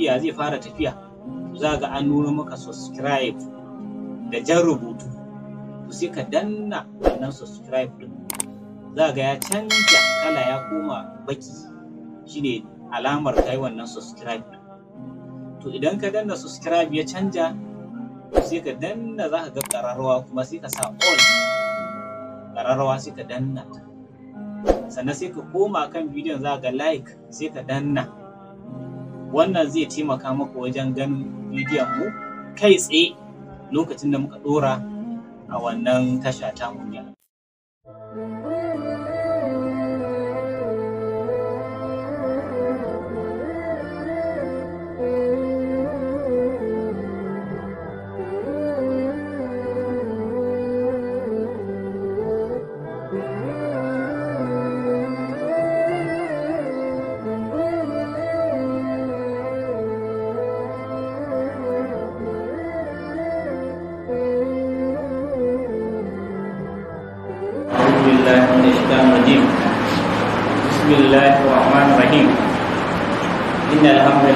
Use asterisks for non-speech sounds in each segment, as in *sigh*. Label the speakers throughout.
Speaker 1: tafiya zai fara tafiya za ga an nuna maka subscribe da jan rubutu to sai ka danna wannan subscribe din za ga ya canja kala ya koma baki shine alamar kai wannan subscribe din to idan ka danna subscribe ya canja sai ka danna za ka ga ƙararrawa kuma sai ka sa all ƙararrawa sai ka danna sannan sai ka koma kan bidiyon za ga like sai ka danna wannan zai taimaka maka wajen ganin bidiyon mu kai tsaye lokacin da muka ɗora a wannan tasha tamu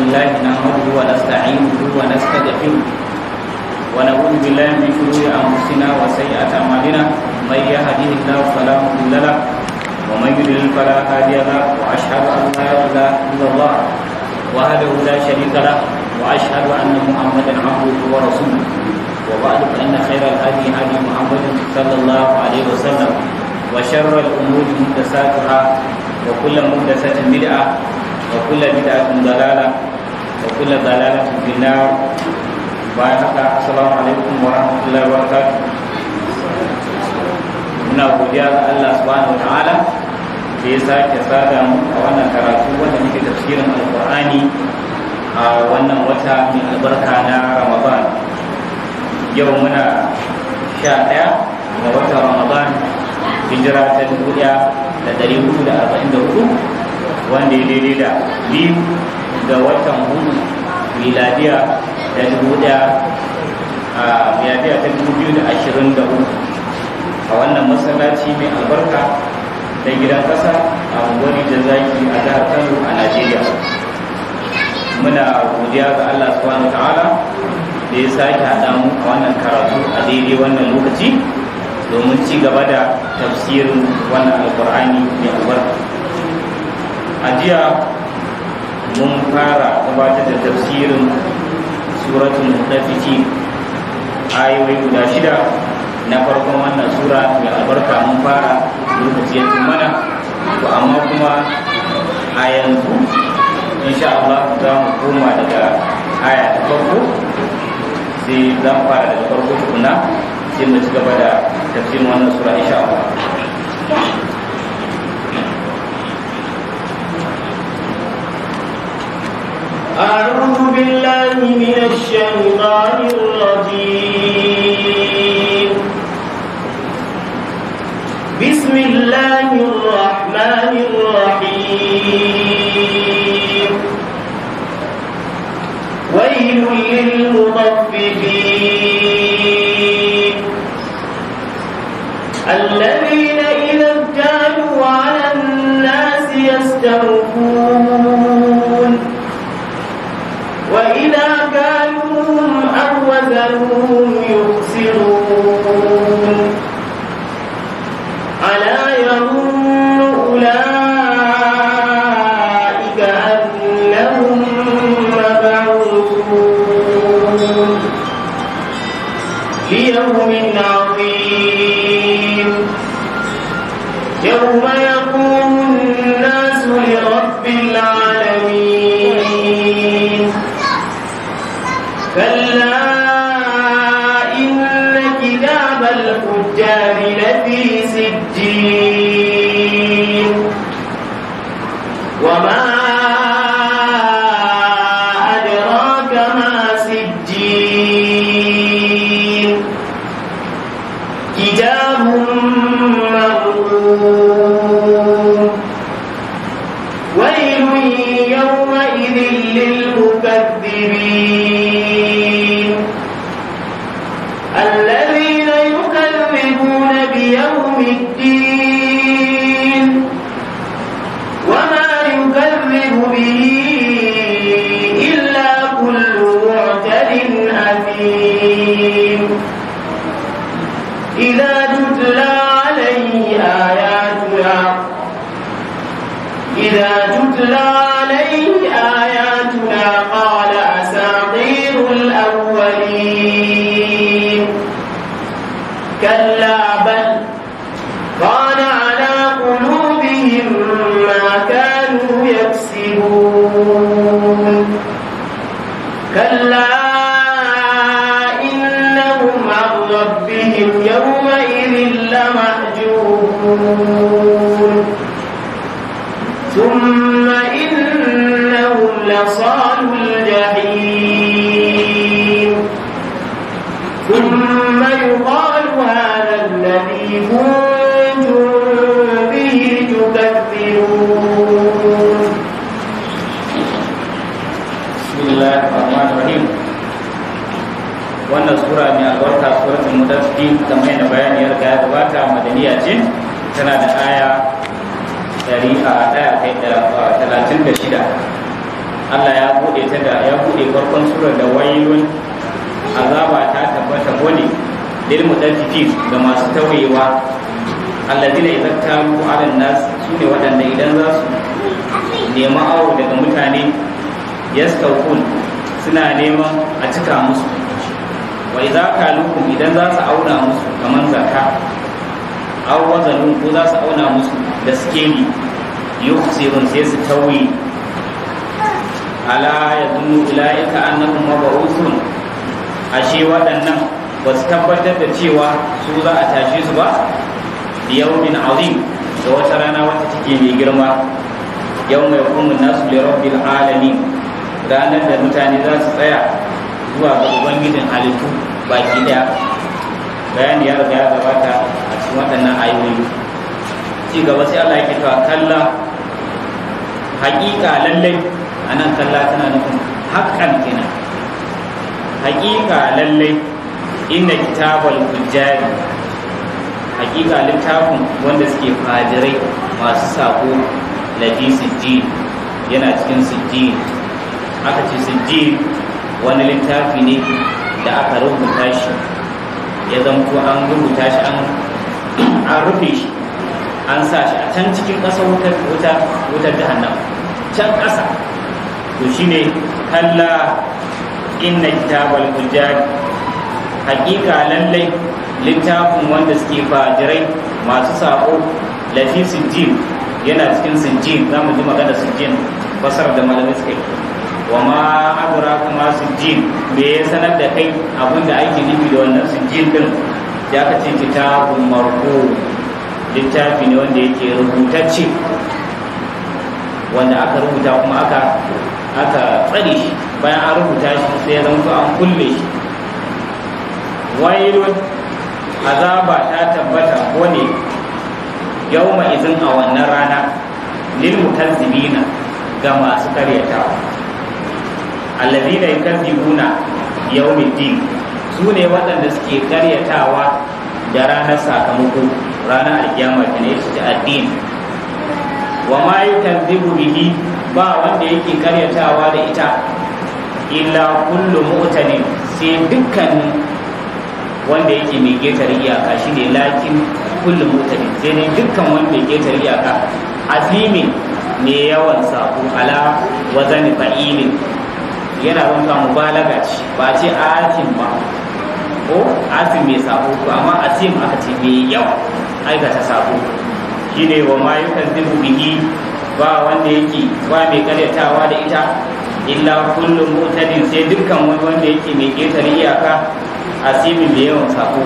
Speaker 1: لله نحمده ونستعينه ونستغفره ونعوذ بالله من شرور انفسنا وسيئات اعمالنا من يهده الله فلا مضل له ومن يضلل فلا هادي له واشهد ان لا اله الا الله وحده لا شريك له واشهد ان محمدا عبده ورسوله وبعد فان خير الهدي هدي محمد صلى الله عليه وسلم وشر الامور محدثاتها وكل محدثه بدعه وكل بدعة ضلالة وكل ضلالة في النار بارك السلام عليكم ورحمة الله وبركاته muna godiya ga Allah subhanahu wa ta'ala da ya sake sada mu a wannan karatu wanda muke tafsirin alqur'ani a wannan wata mai albarka na ramadan yau muna sha ɗaya ga wata ramadan hijira ta dubu ɗaya da ɗari hudu da arba'in da hudu wanda ya daidai da biyu ga watan hudu miladiya da dubu daya a miladiya ta dubu biyu da ashirin da uku a wannan masallaci mai albarka ta gidan kasa a unguwar da zaki a jihar kano a najeriya muna godiya ga allah subhanahu ta'ala da ya sake haɗa mu a wannan karatu a daidai wannan lokaci domin ci gaba da tafsirin wannan alkur'ani mai albarka ajiya mun fara gabatar da tafsirin suratun nafiki ayoyi guda shida na farkon wannan sura mai albarka mun fara lokaci yanzu mana to amma kuma a yanzu insha Allah za mu koma daga aya ta farko sai za mu fara daga farko tukuna sai mu ci gaba da tafsirin wannan sura insha Allah
Speaker 2: أعوذ بالله من الشيطان الرجيم بسم الله الرحمن الرحيم ويل للمطففين الذين إذا اكتالوا على الناس يستوفون وهم يبصرون ألا ثم يقال هذا الذي كنتم به تكذبون بسم
Speaker 1: الله الرحمن الرحيم wannan sura mai albarka suratul mudaffin kamar yadda bayani ya riga ya gabata madaniya ce tana da aya dari a kai da talatin da shida Allah ya bude ta da ya bude farkon sura da wayoyin azaba ta tabbata gone lil mutaffifin ga masu tawayewa. alladina idan kalu ala nas shine waɗanda idan za su nema awo daga mutane yastawkun suna neman a cika musu wa idza kalukum idan za su auna musu kaman zakka aw wazalun ko za su auna musu da skeli yukhsirun sai su tauye ala yadunnu ilaika annahum mabu'uthun ashe waɗannan ba su tabbatar da cewa su za a tashe su ba min azim da wata rana wata take mai girma yau mai kuma nasu da rabbil alami ranar da mutane za su tsaya zuwa ga ubangijin halittu baki daya bayani ya riga ya gabata a cikin waɗannan ayoyi ci gaba sai Allah yake cewa kalla haƙiƙa lallai anan kalla tana nufin hakan kenan haƙiƙa lallai inna kitabal fujjari haƙiƙa littafin wanda suke fajirai masu sako lafi sijji yana cikin sijji aka ce sijji wani littafi ne da aka rubuta shi ya zamto an rubuta shi an rufe shi an sa shi a can cikin ƙasa wutar jahannama can ƙasa to shine kalla inna kitabal fujjar hakika lallai littafin wanda suke fajirai masu sako lafi sijjin yana cikin sinjin za mu ji magana sijjin fasar da malamai suka yi wa ma adura kuma sijjin me ya sanar da kai abinda ake nufi da wannan sijjin din ya kace kitabun marko littafi ne wanda yake rubutacce wanda aka rubuta kuma aka aka tsare shi bayan an rubuta shi sai ya zama an kulle shi wailun azaba ta tabbata ko ne yawma izin a wannan rana lil mutazzibina ga masu karyatawa allazina yukazzibuna din su ne waɗanda suke karyatawa da ranar sakamako ranar alkiyama ta ne addini wa ma yukadzibu bihi ba wanda yake karyatawa da ita illa kullu mu'tadin sai dukkanin wanda yake mai getar iyaka shine lakin kullu mu'tadin sai ne dukkan wanda yake getar iyaka azimin ne yawan sako ala wazani fa'ilin yana rumfa mubalaga ce ba ce asim ba ko asim mai sako ko amma asim aka ce mai yawa aikata sako shine wa ma yukan bihi ba wanda yake ba mai karyatawa da ita illa kullum mutadin sai dukkan wani wanda yake mai ƙetare iyaka a simin da yawan sako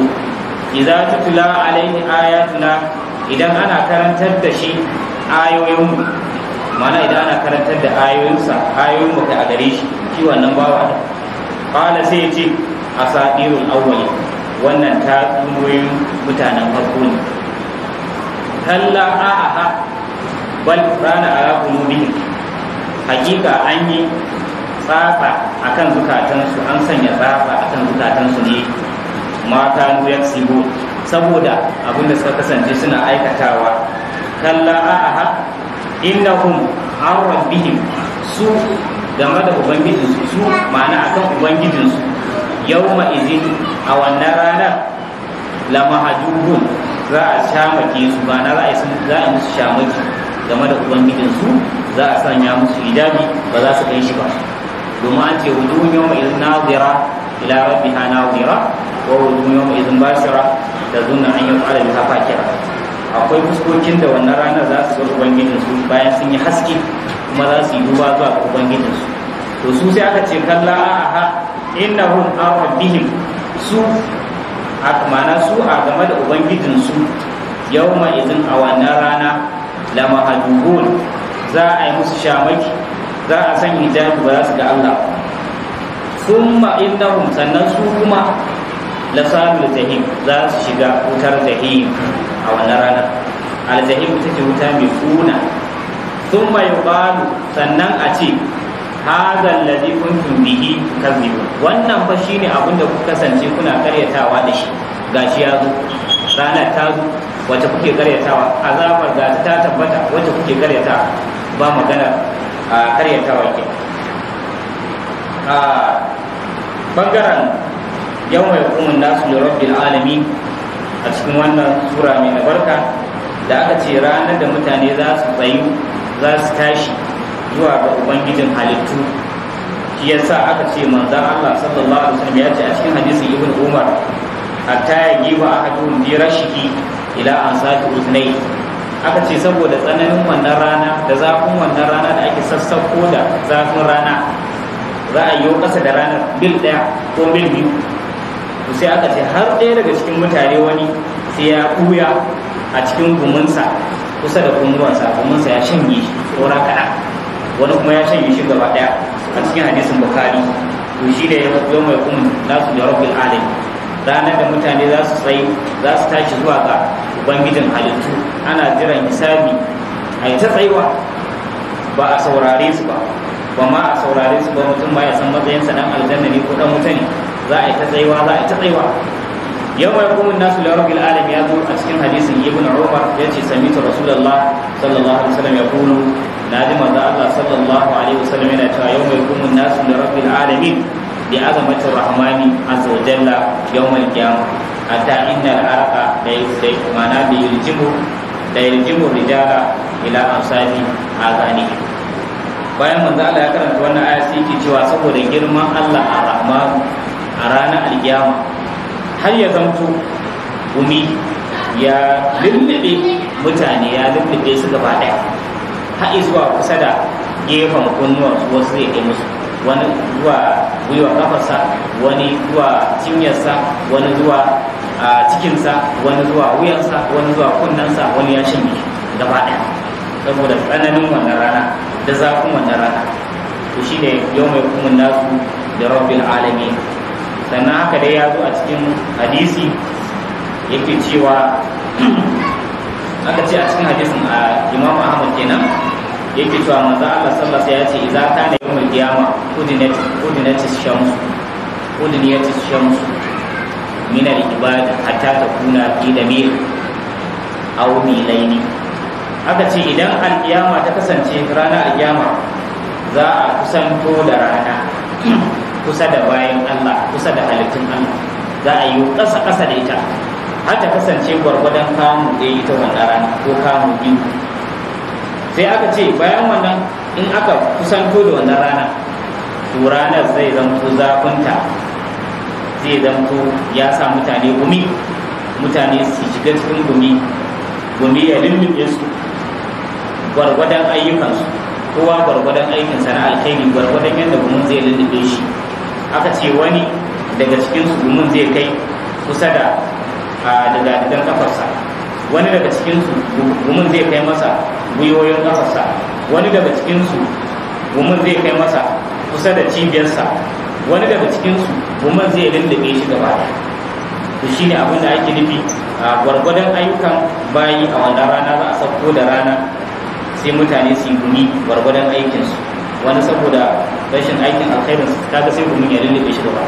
Speaker 1: idza tutula alaihi ayatuna idan ana karantar da shi ayoyin mana idan ana karantar da ayoyinsa ayoyin mu a gare shi shi wannan bawa da sai ce asatirul awwali wannan ta tsumoyin mutanen farko ne kalla a'a bal rana ala qulubihim hakika an yi tsafa a kan zukatansu an sanya tsafa a kan zukatansu ne mata ya sibo saboda abinda suka kasance suna aikatawa kalla a'a innahum an rabbihim su game da ubangijinsu su ma'ana akan ubangijinsu yau izin a wannan ranar lamahajubun za a shamake su ba na za a yi musu shamaki game da ubangijinsu za a sanya musu hijabi ba za su kai shi ba domin an ce wujuhun yawma idhin nazira ila ha nazira wa wujuhun yawma idhin bashira da zunna an yaqala biha fakira akwai fuskokin da wannan ranar za su ga ubangijin su bayan sun yi haske kuma za su yi duba zuwa ga ubangijin su to su sai aka ce kalla aha innahum an rabbihim su mana su a game da ubangijin su yawma idhin a wannan rana lamahajubun za a yi musu shamaki za a san hijabi ba za su ga Allah thumma innahum sannan su kuma lasalul jahim za su shiga wutar jahim a wannan ranar aljahim ta ce wuta mai kuna thumma yuqalu sannan a ce hadha alladhi kuntum bihi tukadzibun wannan fa shine abin da ku kasance kuna karyatawa da shi gashi ya zo ranar ta zo wacce kuke karyatawa azabar ga ta tabbata wacce kuke karyatawa ba magana a karyatawa ke a bangaren yau mai hukumin nasu da rabbil alami a cikin wannan sura mai albarka da aka ce ranar da mutane za su tsayu za su tashi zuwa ga ubangijin halittu shi sa aka ce manzan Allah sallallahu alaihi wasallam ya ce a cikin hadisi ibn Umar a hatta a ahaduhum bi rashiki ila ansati uznayhi aka ce saboda tsananin wannan rana da zafin wannan rana da ake sassauko da zafin rana za a yi ƙasa da ranar bil ɗaya ko bil biyu sai aka ce har ɗaya daga cikin mutane wani sai ya ɓuya a cikin gumunsa kusa da kunduwansa gumunsa ya shanye shi tsora kaɗa wani kuma ya shanye shi gaba ɗaya a cikin hadisin bukari to shi da ya zo mai kuma nasu da rabbil alamin ranar da mutane za su tsaye za su tashi zuwa ga ubangijin halittu ana jiran hisabi a yi ta tsayuwa ba a saurare su ba ba ma a saurare su ba mutum ba ya san matsayinsa dan aljanna ne ko dan mutane za a yi ta tsayuwa za a yi ta tsayuwa yau mai kuma nasu lauro rabbil alam ya zo a cikin hadisin ibn umar ya ce sami ta rasulallah sallallahu alaihi wasallam ya kulu na ji maza Allah sallallahu alaihi wasallam yana cewa yau mai kuma nasu da rabbil بعظمة الرحمن عز وجل يوم القيامة حتى إن العرق معناه يلجم يلجم الرجال إلى أنصاب آذانهم bayan manzo Allah ya karanta wannan aya sai yake cewa saboda girman Allah ar-Rahman a ranar alkiyama har ya zamto gumi ya lullube mutane ya lullube su gaba daya har zuwa kusa da gefen kunnuwa wasu ya kai musu wani zuwa gwiwa kafarsa wani zuwa cinyarsa wani zuwa a cikinsa wani zuwa wuyansa wani zuwa kunnensa wani ya shanye gaba ɗaya saboda tsananin wannan rana da zafin wannan rana to shi ne yau mai kuma nasu da rabin alami sannan haka dai ya zo a cikin hadisi yake cewa *clears throat* aka ce a cikin hadisin a imam ahmad kenan yake cewa manzo Allah sallallahu alaihi wasallam ya ce idza kana yawmul qiyama udinat udinat ash-shams udinat ash-shams min al-ibad hatta takuna fi damir aw milaini aka ce idan al-qiyama ta kasance ranar al-qiyama za a kusanto da rana kusa da bayan Allah kusa da halittun Allah za a yi kasa kasa da ita har ta kasance gwargwadon kamun da ita wannan rana ko kamun biyu sai aka ce bayan wannan in aka kusanto da wannan rana to ranar zai zamto zafinta zai zamto ya sa mutane gumi mutane su shiga cikin gumi gumi ya lullube su gwargwadon ayyukansu kowa gwargwadon aikinsa na alkhairi gwargwadon yadda gumin zai lullube shi aka ce wani daga cikinsu gumin zai kai kusa da daga kafarsa wani daga cikinsu gumin zai kai masa gwiwoyin kafarsa wani daga cikinsu gumin zai kai masa kusa da cibiyarsa wani daga cikinsu gumin zai lullube shi gaba shi shine abin da ake nufi a gwargwadon ayyukan bayi a wannan rana za a sauko da rana sai mutane su yi gumi gwargwadon aikinsu wani saboda rashin aikin alkhairin kaga sai gumin ya lullube shi gaba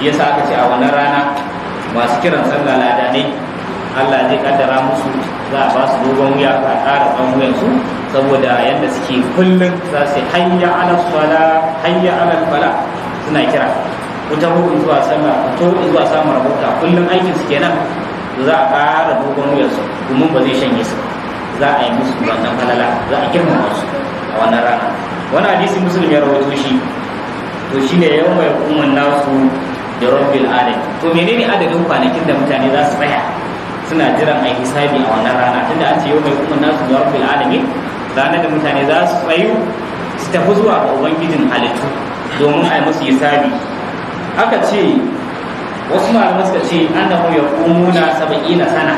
Speaker 1: yasa aka ce a wannan rana masu kiran sallah lada Allah zai kaddara musu za a ba su dogon wuya a ƙara tsawon su saboda yadda suke kullum za su hayya ala sala hayya ala fala suna kira ku taho zuwa sama ku taho zuwa sama rabota kullum aikin su kenan za a ƙara dogon su domin ba zai shanye su za a yi musu wannan falala za a girmama su a wannan rana wani hadisi musulmi ya rawaito shi to shine yau mai kuma nasu da rabbil alamin to menene adadin kwanakin da mutane za su tsaya suna jiran a hisabi a wannan rana tunda an ce yau mai kuma nasu zuwa fil alamin ranar da mutane za su tsayu su tafi zuwa ga ubangijin halittu domin a yi musu hisabi aka ce wasu malamai suka ce annahu saba'i na sana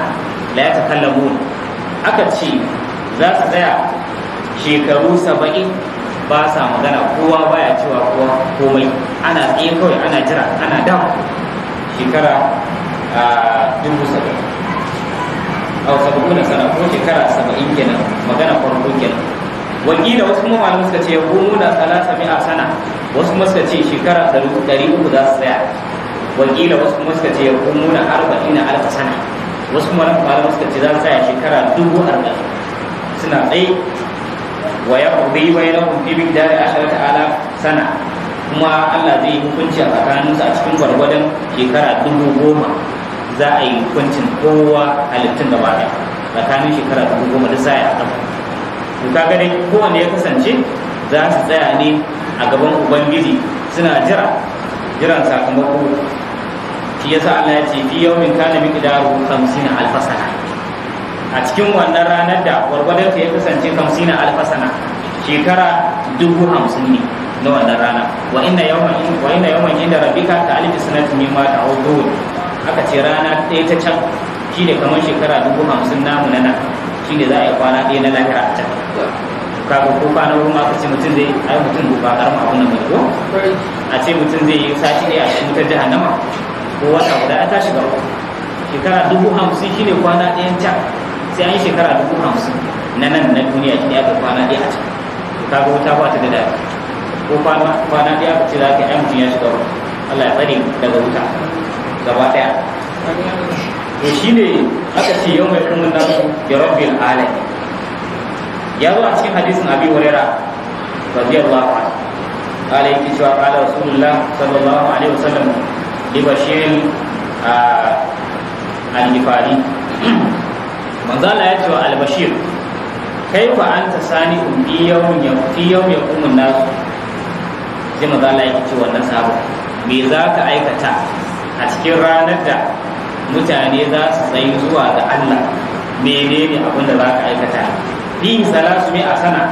Speaker 1: la yatakallamun aka ce za su tsaya shekaru saba'i ba sa magana kowa baya cewa kowa komai ana tsaye kawai ana jira ana dawo shekara ah, dubu saba'in aw sab'una sana ko shekara 70 kenan magana farko kenan wakila wasu kuma malamu suka ce yaqumuna salasa mi'a sana wasu kuma suka ce shekara uku za su tsaya wakila wasu kuma suka ce arba'in na alfa sana wasu malamu suka ce za su tsaya shekara arba'in suna tsaye wa ya ya lafi fi a asharata ta'ala sana kuma Allah zai hukunci a tsakaninsu a cikin gwargwadon shekara dubu goma za a yi hukuncin kowa halittun gaba ɗaya tsakanin shekara dubu goma da sai a ka ga dai kowanne ya kasance za su tsaya ne a gaban ubangiji suna jira jiran sakamako shi yasa Allah ya ce fi yawmin kana miqdaru 50 alf sana a cikin wannan ranar da ta ya kasance 50 alf alfasana, shekara dubu hamsin ne na wannan rana wa inna yawman wa inna yawman inda rabbika ka alif sanati mimma ta'udun aka ce rana ɗaya ta can shi ne kamar shekara dubu hamsin namu na nan ne za a yi kwana ɗaya na lahira a can kaga ko kwana goma aka ce mutum zai ai mutum ba karma abun nan ko a ce mutum zai yi sati ɗaya a cikin wutar jahannama ko wata guda an tashi gaba shekara dubu hamsin shi ne kwana ɗayan can sai an yi shekara dubu hamsin na nan na duniya shi ne aka kwana ɗaya a can kaga wuta ba ta da daɗi ko kwana ɗaya aka ce za ka yi mutum ya shiga Allah ya tsare daga wuta gaba daya to shine aka ce yau mai kuma nan ya rabbi alamin ya zo a cikin hadisin abi hurairah radiyallahu anhu قال يكي شوى قال رسول الله صلى الله عليه وسلم لبشير الغفاري من قال يا شوى البشير كيف أنت ثاني في يوم في يوم يقوم الناس زي ما قال يكي شوى الناس ميزاك aikata? a cikin ranar da mutane za su tsayi zuwa ga Allah menene abin da za ka aikata fi salasu mai a sana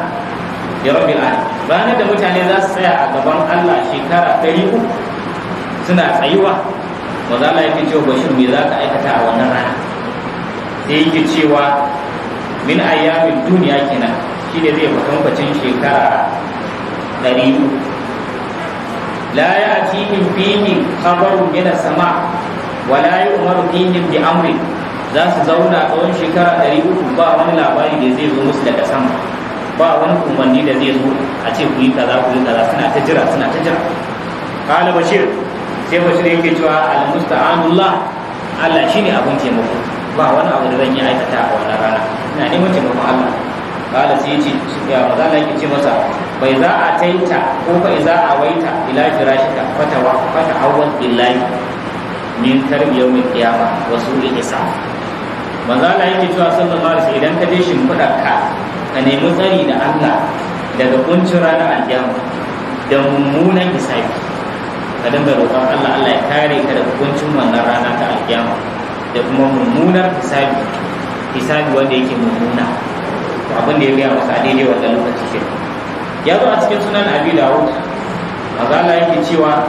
Speaker 1: ya rabbi ranar da mutane za su tsaya a gaban Allah shekara ɗari uku suna tsayuwa ba za Allah yake bashir za ka aikata a wannan rana sai yake cewa min ayyamin duniya kenan shine zai kwatankwacin shekara ɗari la ya'tihim fihi khabarun min as-sama wa la yu'maru fihim bi amri za su zauna a tsawon shekara 300 ba wani labari da zai zo musu daga sama ba wani umarni da zai zo a ce ku yi kaza ku yi kaza suna ta jira suna ta jira qala bashir sai bashir yake cewa al-musta'anullah Allah shine abin taimako ba wani abu da zan yi aikata a wannan rana ina neman taimakon Allah Kala sai ya ce ya ba za yake ce masa bai za a taita ko bai za a waita ila firashika fatawa fata awwal billahi min karbiyar mai wa wasu isa manzo Allah yake cewa sallallahu alaihi wasallam idan ka je shimfiɗa ka ka nemi tsari da Allah daga kuncin ranar alkiyama da mummunan hisabi ka dinga roƙon Allah Allah ya kare ka daga kuncin wannan rana ta alkiyama da kuma mummunar hisabi hisabi wanda yake mummuna abin da ya gaya masa a daidai wannan lokaci kenan ya zo a cikin sunan abi dawud manzo Allah yake cewa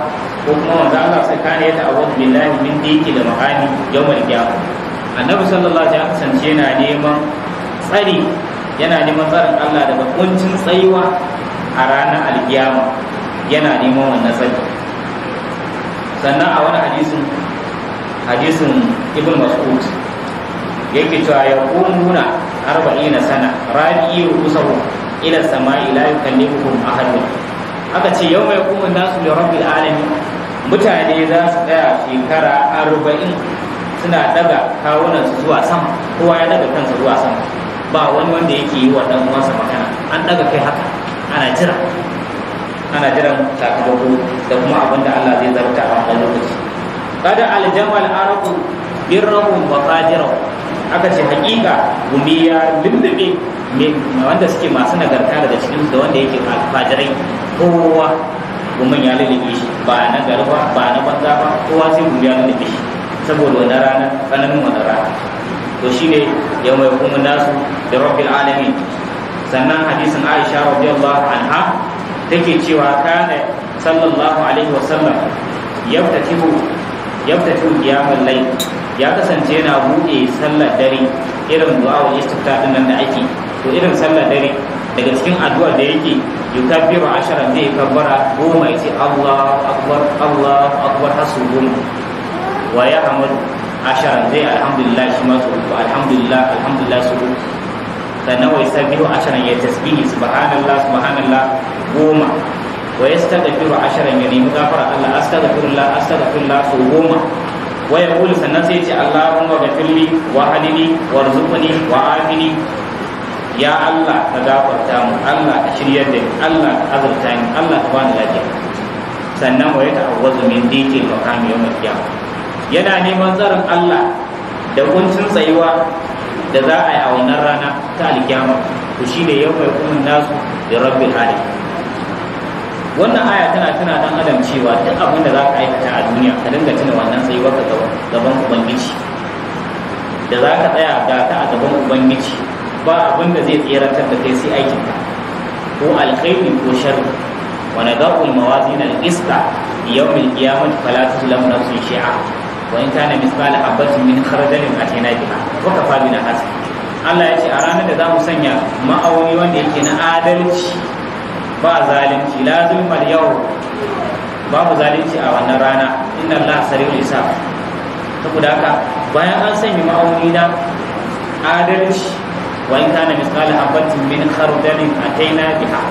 Speaker 1: ko kuma manzo Allah sai kana yata abu billahi min diki da makani yawmal kiyama annabi sallallahu alaihi wasallam yana neman tsari yana neman tsarin Allah daga kuncin tsayuwa a ranar alkiyama yana neman wannan tsari sannan a wani hadisin hadisin ibn mas'ud yake cewa ya kununa arba'ina sana rabi'u usahu ila sama'i la yukallimuhum ahad aka ce yau mai kuma nasu li rabbil alamin mutane za su tsaya shekara arba'in suna daga kawunan su zuwa sama kowa ya daga kansa zuwa sama ba wani wanda yake yi wa dan uwansa magana an daga kai haka ana jira ana jiran sakamako da kuma abin da Allah zai zarta a wannan lokaci kada aljamal arabu birrahum wa qadirahum aka ce haƙiƙa gumi ya lullube wanda suke masu nagarta daga cikin da wanda yake alfajirai kowa gumin ya lullube shi ba na garba ba na banza ba kowa sai gumi ya lullube shi saboda wani rana tsananin wani rana to shine ya mai kuma nasu da rabbil alamin sannan hadisin aisha radiyallahu anha take cewa kana sallallahu alaihi wasallam yaftatihu yaftatu qiyamul layl ya kasance yana buɗe sallar dare irin du'a istifta din nan da ake to irin sallar dare daga cikin addu'ar da yake yukabbiru ashara zai kabbara goma yace Allah akbar Allah akbar hasu goma wa ya hamadu ashara zai alhamdulillah shi ma su alhamdulillah alhamdulillah su sannan wai sabihu ashara ya tasbihi subhanallah subhanallah goma wa yastaghfiru asharan ya nemi gafara Allah astaghfirullah astaghfirullah su goma wa yaqul sannan sai ce Allah Allahumma ghafirli wa halini warzuqni wa afini ya Allah ka gafarta mu Allah ka shiryar da Allah ka azurta ni Allah ka bani lafiya sannan wa yata'awwazu min dikil maqam yawm al-qiyamah yana neman tsarin Allah da kuncin tsayuwa da za a yi a wannan rana ta alkiyama ku shi da mai kunun nasu da rabbil alamin wannan aya tana tana dan adam cewa duk abin da za ka aikata a duniya ka dinga tuna wannan tsayuwar gaban ubangiji da za ka tsaya ga ta a gaban ubangiji ba abin da zai tserantar da kai sai aikin ka ko alkhairi ko sharri wa nadaqul mawazin al-qista yawm al-qiyamah fala tuzlam nafsun shay'a wa in kana mithqala habatin min khardalin atina biha wa kafa bina hasib Allah ya ce a ranar da za mu sanya ma'auni wanda yake na adalci ba zalunci la zulmal yau babu zalunci a wannan rana inna Allah sariul hisab saboda haka bayan an sanya ma'auni na adalci wa in kana misal habatin min khardalin ataina biha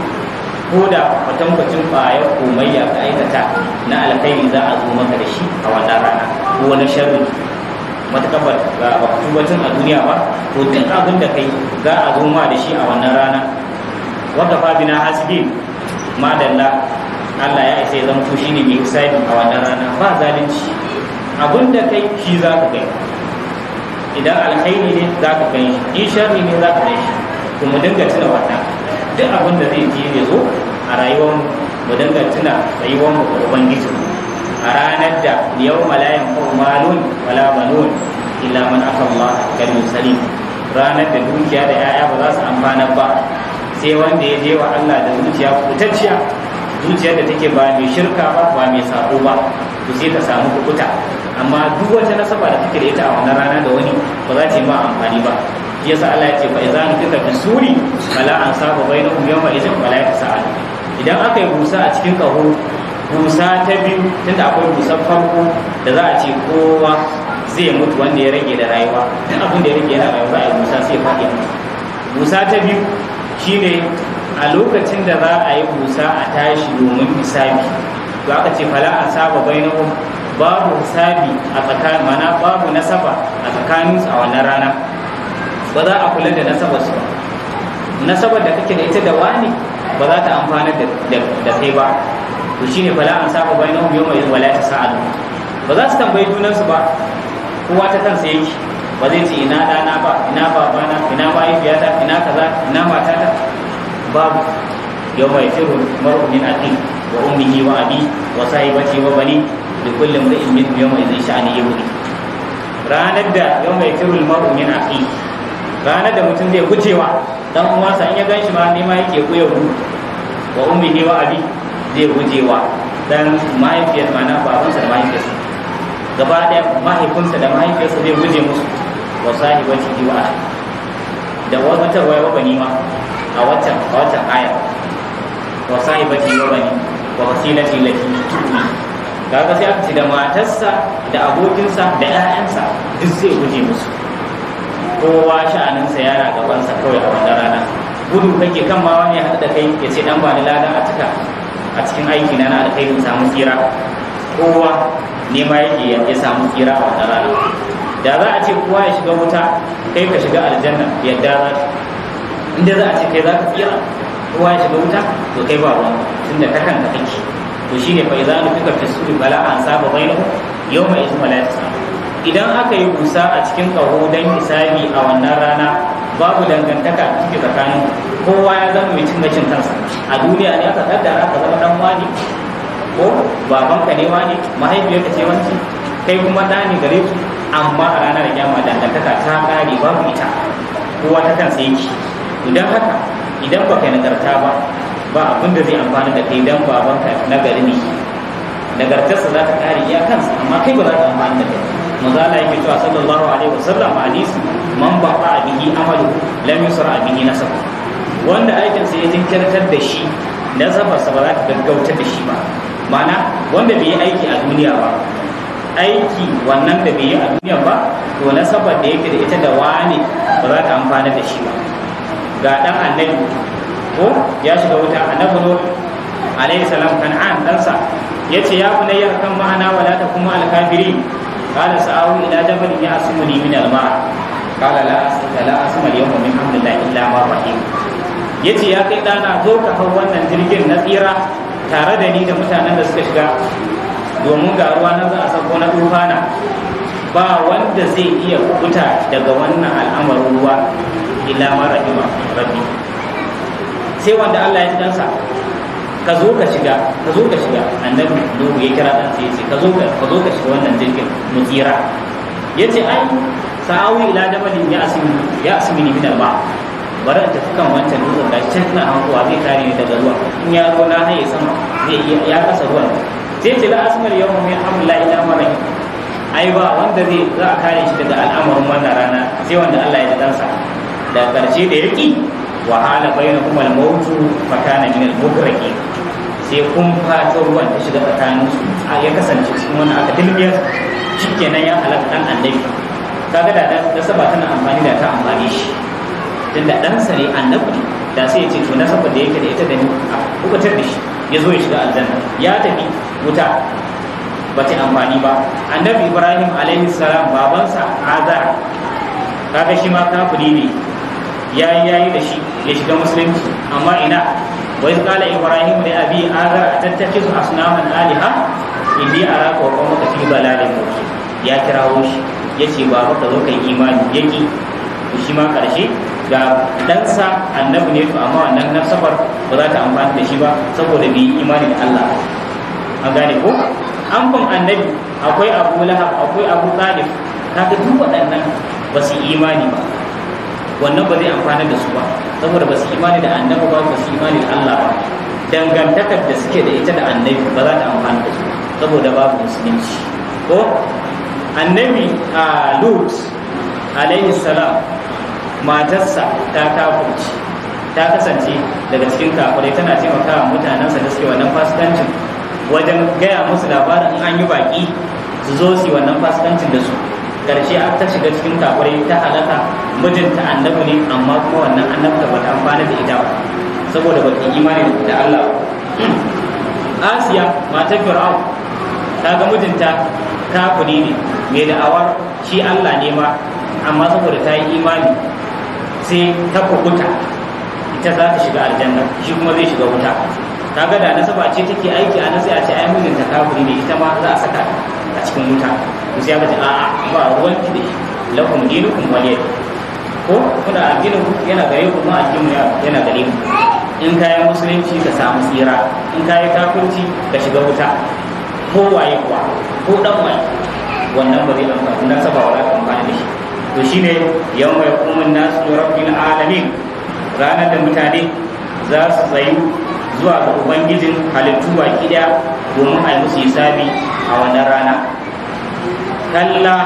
Speaker 1: ko da kwatankwacin ya komayya ya aikata na alkhairi za a zo maka da shi a wannan rana ko wani sharri matakabar ga tubacin a duniya ba to duk abin da kai za a zo ma da shi a wannan rana waka Fabina bina hasibin madalla Allah ya isa ya zama kushi ne mai yi a wannan rana ba zalunci abin da kai shi za ka kai idan alhaini ne za ka kai shi in sharri ne za ka kai shi to mu dinga tuna wannan duk abin da zai je zo a rayuwar mu dinga tuna rayuwar mu ga ubangiji a ranar da yau malayan malun wala malun illa man aka Allah kalmin salim ranar da dukiya da 'ya'ya ba za su amfana ba sai wanda ya je wa Allah da zuciya kutacciya zuciyar da take ba mai shirka ba ba mai sako ba to sai ka samu kukuta amma duk wata nasaba da take da ita a wannan rana da wani ba za ta yi ba amfani ba sa Allah ya ce fa idan kika fi suri fala an saba bainakum yawma idzin fala sa'a idan aka yi busa a cikin kaho busa ta biyu tunda akwai busar farko da za a ce kowa zai mutu wanda ya rage da rayuwa duk abin da ya rage da rayuwa ya busa sai faɗi musa busa ta biyu shine a lokacin da za a yi busa a tashi domin hisabi to aka ce fala a saba um babu hisabi a tsakanin mana babu nasaba a tsakaninsu a wannan rana ba za a kula da nasabar su nasabar da kake da ita da wani ba za ta amfana da kai ba to shine fala an saba bainahum yawma idhin wala sa'adu ba za su tambayi junansu ba kowa ta kansa yake ba zai ce ina ɗana ba ina babana ina mahaifiyata ina kaza ina matata babu yau mai firu mar'u min aqi wa ummihi wa abi wa sahibati wa bani kullum da imrin yau mai zai sha'ani yughni ranar da yau mai firu mar'u min ranar da mutum zai gujewa dan uwansa in ya ganshi ma ne ma yake goyo wa ummihi wa abi zai gujewa dan mahaifiyar mana babansa da mahaifiyarsa gaba ɗaya mahaifinsa da mahaifiyarsa zai guje musu wa sahibatihi wa ahli da wata waya wa bani ma a watan a watan aya ba sahibatihi wa bani wa wasilati lati tu'mi kaga sai aka ce da matarsa da abokinsa da 'ya'yansa duk zai guje musu kowa sha'aninsa yana gabansa kawai a wannan rana gudu kake kan ma wani ya haɗu da kai ya ce dan ba ni a cika a cikin aiki na na alkhairin samu tsira kowa nema yake ya samu tsira a wannan rana da za a ce kowa ya shiga wuta kai ka shiga aljanna yadda za ta inda za a ce kai za ka tsira kowa ya shiga wuta to kai ba ruwa tun da kakan da kake to shine fa idza nufika fi suri bala an saba bainahu yawma yajma la yasa idan aka yi busa a cikin kaho dan isabi a wannan rana babu dangantaka cikin tsakanin kowa ya zama mai cin gashin kansa a duniya ne aka kaddara ka zama dan wani ko babanka ne wani mahaifiyarka ce wanci kai kuma ɗa gare su amma a ranar da, dangantaka ta kare babu ita kowa ta kan sai ki idan haka idan ba kai nagarta ba ba abin da zai amfani da kai dan baban ka nagari ne nagartarsa za ta kare iya kansa amma kai ba za ta amfani da kai maza Allah yake cewa sallallahu alaihi wasallam hadisi man ba ba bihi amalu lam yusra bihi nasab wanda aikin sa ya jinkirtar da shi nasabarsa ba za ta gaggautar da shi ba ma'ana wanda bai yi aiki a duniya ba aiki wannan da bai yi a duniya ba to nasabar da yake da ita da wani ba za ta amfana da shi ba ga dan annabi ko ya shiga wuta annabi no alayhi salam kan'an ya ce ya kuna yi kan ma'ana wala ta kuma alkafiri kala sa'awu ila jabal ya asmuni min alma kala la asta la al yawma min hamdillah illa ma rahim yace ya kai dana zo ka hau wannan jirgin na tsira tare da ni da mutanen da suka shiga domin ga ruwa na za a sako na tufana ba wanda zai iya kuta daga wannan al'amarin ruwa illa ma rahima rabbi sai wanda Allah ya ji dansa ka zo ka shiga ka zo ka shiga annabi nuhu ya kira dan sai ka zo ka ka zo ka shiga wannan jirgin mu tsira yace ai sa'awi ila damalin ya asmini ya min alma bari in tafi kan wancan dutsen da can na hankuwa zai kare ni daga ruwa in ya zo na haye sama zai ya kasa ruwan sai ce la asmar yau mai hamla ila marai ai ba wanda zai za a kare shi daga al'amarin wannan rana sai wanda Allah ya dan sa da karshe da yaki wa hala bayna kuma al-mautu fa min al-mukraki sai kun fato ruwan ta shiga tsakanin su ya kasance cikin wannan aka dilbiyar shikenan ya halaka dan annabi kaga da da saba tana amfani da ta amfani shi tunda dan sare annabi da sai ya ce to na saba da yake da ita da ni a kubutar da shi ya zo ya shiga aljanna ya tafi wuta ba ta amfani ba annabi ibrahim alaihi salam babansa azar kaga shi ma kafiri ne yayi yayi da shi ya shiga musulunci amma ina wa iz qala ibrahim li abi azar atattakhizu asnaman alaha a araka wa mu fi dalalin mubin ya kirawo shi ya yace ba ka zo kai imani yake shi ma karshe ga ɗansa annabi ne to amma wannan nasabar ba za ta amfani da shi ba saboda bi imani da Allah a gane ko an kun annabi akwai abu lahab akwai abu talib kaga duk waɗannan ba su imani ba wannan ba zai amfana da su ba saboda ba su imani da annabi ba ba su imani da Allah ba dangantakar da suke da ita da annabi ba za ta amfana da su saboda babu musulunci ko annabi a lut alaihi salam matarsa ta kafurci ta kasance daga cikin kafirai tana taimakawa mutanensa da suke wannan fasikancin wajen gaya musu labarin an yi baki su zo su wannan fasikancin da su karshe a ta shiga cikin kafirai ta halaka mijinta annabi ne amma kuma wannan annabta ba ta amfana da ita ba saboda ba ta imani da Allah *clears throat* Asiya matar Fir'aun ta ga mijinta kafiri ne mai da'awar shi Allah ne ma amma saboda ta yi imani sai ta kukuta ita za ta shiga aljanna shi kuma zai shiga wuta ga da nasaba ce take aiki a nasi a ce ai mijin ta kafiri ne ita ma za a saka a cikin wuta to sai aka ce a'a ba ruwan ki da shi lakum dinukum waliyad ko kuna addinin ku yana gare ku ma addinin yana gare mu in kayan musulunci ka samu tsira in kayan kafirci ka shiga wuta ko waye kuwa ko dan waye wannan ba zai amfani nasaba wala amfani da shi to shine yawma yaqumun nasu rabbil alamin ranar da mutane za su tsayu zuwa ga ubangijin halittu baki kida domin a yi musu hisabi a wannan rana kalla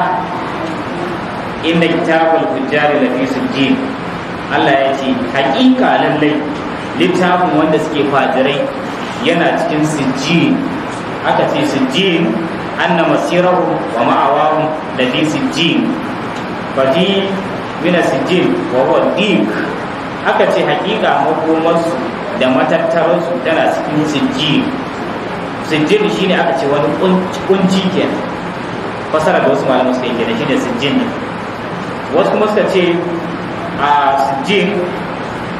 Speaker 1: inda kitabul da lafi sujjin Allah ya ce hakika lallai littafin wanda suke fajirai yana cikin sujjin aka ce sujjin anna masirahu wa ma'awahum Ba sujjin faji mina sujjin wa huwa aka ce hakika makomarsu da matattararsu tana cikin sijjin sijjin shi ne aka ce wani kunci ke fasara da wasu malamai suka yi kenan shi ne sijjin ne wasu kuma suka ce a sijjin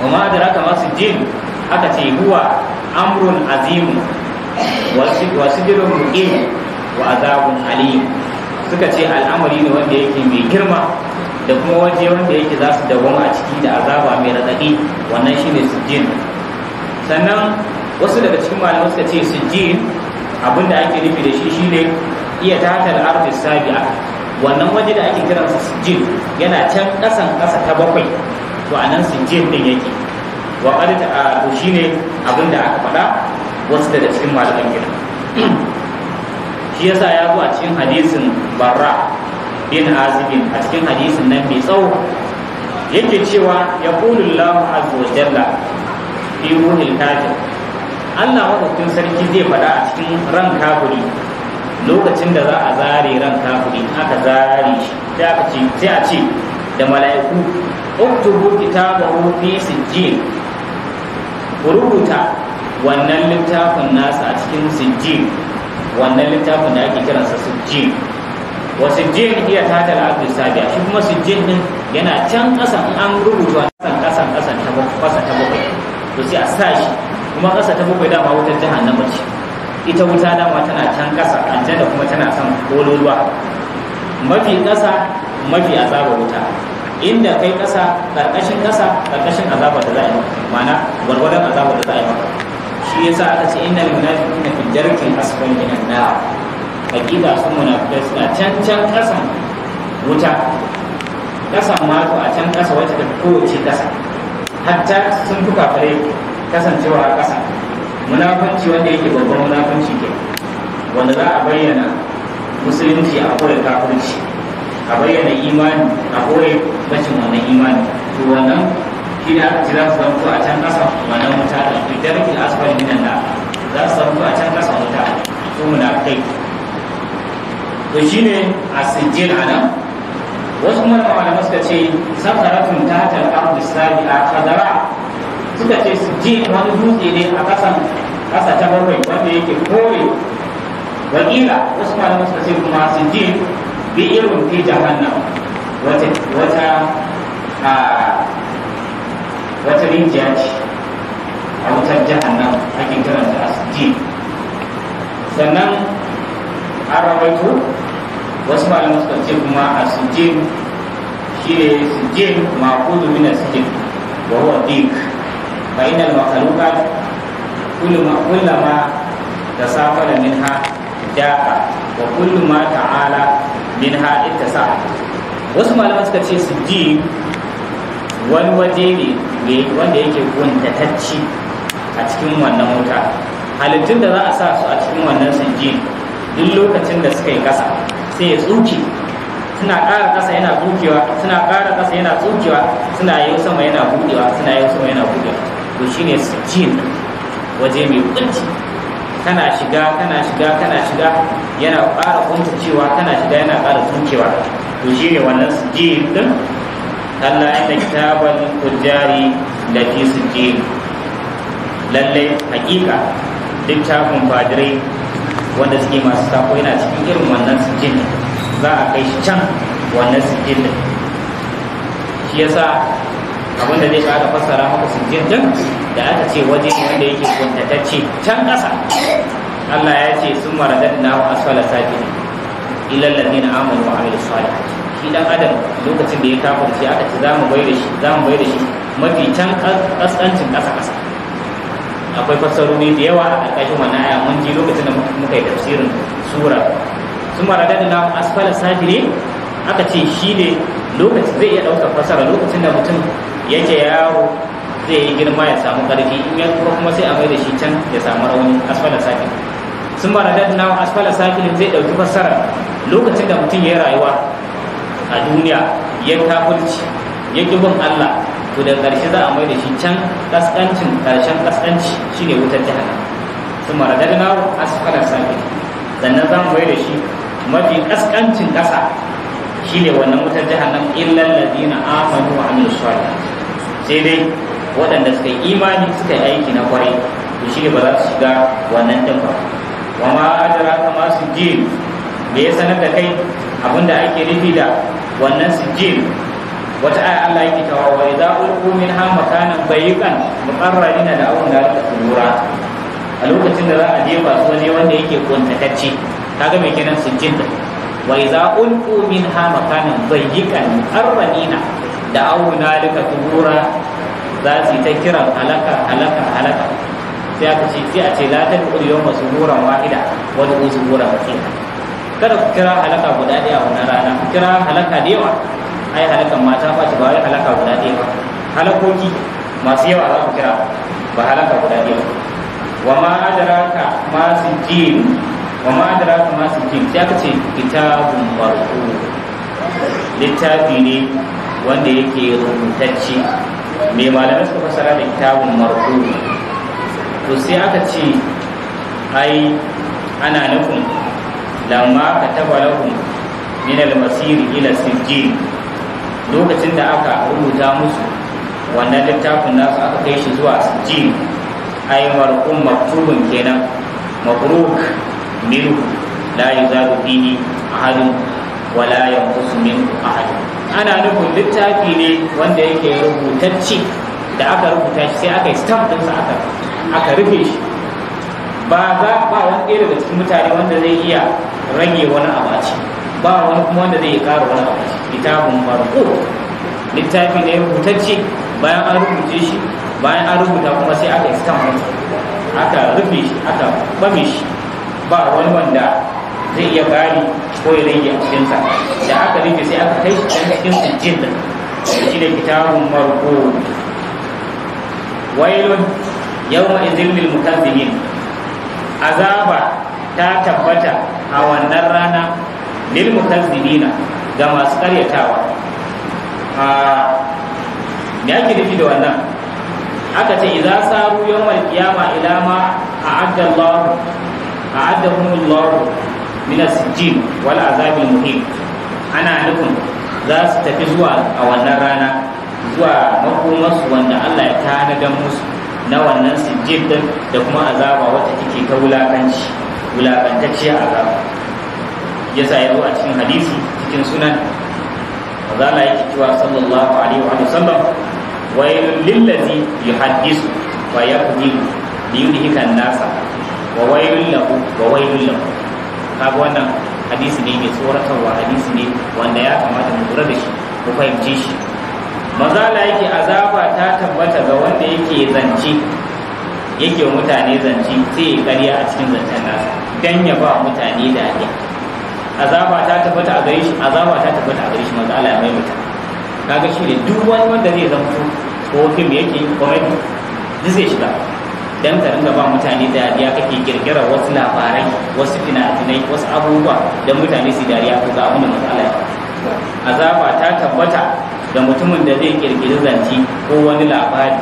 Speaker 1: kuma da raka ma sijjin aka ce huwa amrun azimu wa sijjirun mu'im wa azabun alim suka ce al'amari ne wanda yake mai girma da kuma waje wanda yake za su dawoma a ciki da azaba mai raɗaɗi wannan shi ne sijjin sannan wasu daga cikin malamai suka ce sijjin abinda ake nufi da shi shine iya tatar al sabi'a wannan waje da ake kiran su sijjin yana can kasan kasa ta bakwai to a anan sijjin din yake wa qad to shine abinda aka faɗa wasu daga cikin malamai kiran *clears throat* shi yasa ya zo a cikin hadisin barra bin azibin a cikin hadisin nan mai tsawo yake cewa ya kulullahu azza wa jalla fi ruhil kafir Allah madaukakin sarki zai faɗa a cikin ran kafiri lokacin da za a zare ran kafiri aka zare shi sai a ce da mala'iku uktubu kitabahu fi sijjin ku rubuta wannan littafin nasa a cikin sijjin wannan littafin da ake kiransa sijjin wasu jin iya tada al'abdu sabiya shi kuma sijjin din yana can kasan an rubuta ƙasan ƙasan ƙasan ta ta bakwai to sai a sa shi kuma ƙasa ta bakwai dama wutar jahannama ce ita wuta dama tana can ƙasa aljanna kuma tana san kololuwa mafi ƙasa mafi azaba wuta inda kai ƙasa ƙarƙashin ƙasa ƙarƙashin azaba da za a yi ma'ana gwargwadon azaba da za a yi shi yasa aka ce inna munafiqina fi darkin asfali minan nar hakika sun munafiqai suna can can ƙasan wuta ƙasan ma a can ƙasa wacce ta kowace ƙasa hatta sun fi kafare kasancewa a ƙasa munafunci wanda yake babban munafunci ke wanda za a bayyana musulunci a kore kafirci a bayyana imani a kore bacin wannan imani to wannan kila jira za su zamto a can ƙasa wannan wuta da idarki asfali minan na za su zamto a can ƙasa wuta su munafai to shine a sijjin a nan wasu kuma malamai suka ce sakaratun ta tal ardi a kadara suka ce su ji wani dutse ne a kasan kasa ta bakwai wanda yake kore wakila wasu malamai suka ce kuma su ji bi irin fi jahannan wata wata a rijiya ce a wutar jahannam a su ji sannan an rawaito wasu malamin suka ce kuma a sijin shi ne sijin kudu mina sijin wa huwa dik fa ma al ma da safara min ha ja'a wa kullu ma ta'ala minha ittasa wasu malaman suka ce sijin wani waje ne wanda yake kuntatacci a cikin wannan wuta halittun da za a sa su a cikin wannan sujjin duk lokacin da suka yi ƙasa sai ya tsuke suna ƙara ƙasa yana tsukewa suna ƙara ƙasa yana tsukewa suna yau sama yana buɗewa suna yau sama yana buɗewa to shine sijin waje mai kunci kana shiga kana shiga kana shiga yana ƙara cewa kana shiga yana ƙara tsukewa to shine wannan sijin din kalla inda kitabal kujari da fi sijin lallai hakika littafin fadirai wanda suke masu sako yana cikin irin wannan sujjin za a kai shi can wannan sujjin din shi yasa abin da zai fara fassara maka sujjin din da aka ce waje wanda yake kuntatacce can ƙasa Allah ya ce sun maradar na asfala ne ilal ladina amanu wa amilus salihati shi dan adam lokacin da ya shi aka ce za mu bai da shi mafi can ƙasƙancin ƙasa ƙasa akwai fassaroni da yawa a ƙarƙashin wannan aya mun ji lokacin da muka yi tafsirin sura sun marada da na asfala safire aka ce shi ne lokacin zai iya ɗaukar fassara lokacin da mutum ya ce yawo zai yi girma ya samu ƙarfi in ya kuma kuma sai a mai da shi can ya samu rauni asfala safire sun marada da na asfala safire zai ɗauki fassara lokacin da mutum ya yi rayuwa a duniya ya kafirci ya ƙi bin Allah to da ƙarshe za a mai da shi can ƙasƙancin ƙarshen shi shine wutar jihar su na asfalar sami? sannan za mu mai da shi mafi ƙasƙancin ƙasa shine wannan wutar nan illan ladina amanu wa amilus salihat sai dai waɗanda suka yi imani suka yi aiki na kwarai to shine ba za su shiga wannan din ba wa ma kama su sijil me ya sanar da kai abinda ake nufi da wannan su wata aya Allah yake cewa wa idza ulqu minha makanan bayyikan muqarrarina da abun da aka tsura a lokacin da za a je ba su ne wanda yake kuntatacce kaga me kenan sujjin da wa idza ulqu minha makanan bayyikan muqarrarina da abun da aka tsura za su ta kiran halaka halaka halaka sai aka ce sai a ce la ta kuriyon masu buran wahida wani uzu buran kada ku kira halaka guda daya wannan rana ku kira halaka da yawa ai halakan mata ba ba wai halaka guda ɗaya ba halakoki masu yawa za ku kira ba halaka guda ɗaya ba wa ma adraka ma sijjin wa ma adraka ma sijjin sai aka ce kitabun barku littafi ne wanda yake rubutacce me malamai suka fasara da kitabun marku to sai aka ce ai ana nufin lamma kataba lahum min al-masir ila sijjin lokacin da aka rubuta musu wannan littafin nasu aka kai shi zuwa jin aimar marqum tubin kenan mabruk minhu la yuzaru fihi ahadun wa la yanqusu minhu ana nufin littafi ne wanda yake rubutacce da aka rubuta shi sai aka yi stamp aka aka rufe shi ba za ba wani ɗaya daga cikin mutane wanda zai iya rage wani abaci ba wani kuma wanda zai kara wani abu kitabun marko littafi ne rubutacce bayan an rubuce shi bayan an rubuta kuma sai aka yi stamp aka rufe shi aka bame shi ba wani wanda zai iya gari ko ya rage a cikinsa da aka rufe sai aka kai shi cikin sujjin da shi da kitabun marko wailun yawma izin lil mukazzibin azaba ta tabbata a wannan rana lil mukazzibina ga masu karyatawa a me ake nufi da wannan aka ce idza saru yawmal qiyama ila ma a'adda Allah a'addahu Allah min as-sijin wal azabi muhim ana nufin za su tafi zuwa a wannan rana zuwa makomarsu wanda Allah ya tanadan musu na wannan sijjin din da kuma azaba wata take ta wulakanci a azaba yasa ya zo a cikin hadisi cikin sunan mazala yake cewa sallallahu alaihi wa sallam wailul lillazi yuhaddisu wa yaqdi li yudhika nasa wa wailul lahu wa wai lahu kaga wannan hadisi ne mai tsoratarwa hadisi ne wanda ya kamata mu lura da shi mu fahimce shi mazala yake azaba ta tabbata ga wanda yake zance yake mutane zance sai ya karya a cikin zancen nasa dan ya ba mutane dariya azaba ta tabbata a gare shi azaba ta tabbata a gare shi manzo Allah ya maimaita kaga shi ne duk wani wanda zai su ko fim yake ko rabi duk zai shiga dan ka dinga ba mutane dariya kake kirkirar wasu labarai wasu fina-finai wasu abubuwa don mutane su dariya ko ga abin da manzo Allah azaba ta tabbata da mutumin da zai kirkiri zance ko wani labari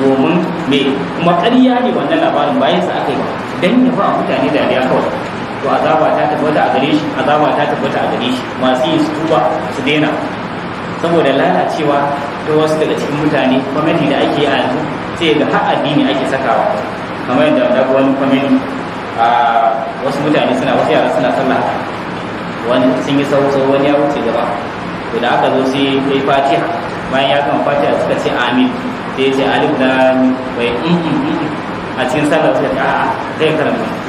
Speaker 1: domin me kuma ƙarya ne wannan labarin bayan sa aka yi dan ya ba mutane dariya kawai to azaba ta tabbata a gare shi azaba ta tabbata a gare shi masu yi su tuba su daina saboda lalacewa ta wasu daga cikin mutane kwamiti da ake a yanzu sai ga har addini ake sakawa kamar yadda na wani kwamiti a wasu mutane suna wasu yara suna sallah wani sun yi sauso wani ya wuce gaba to da aka zo sai ya yi fatiha bayan ya gama fatiha suka ce amin sai ya ce alif da bai a cikin sallah suka ce a'a zai karanta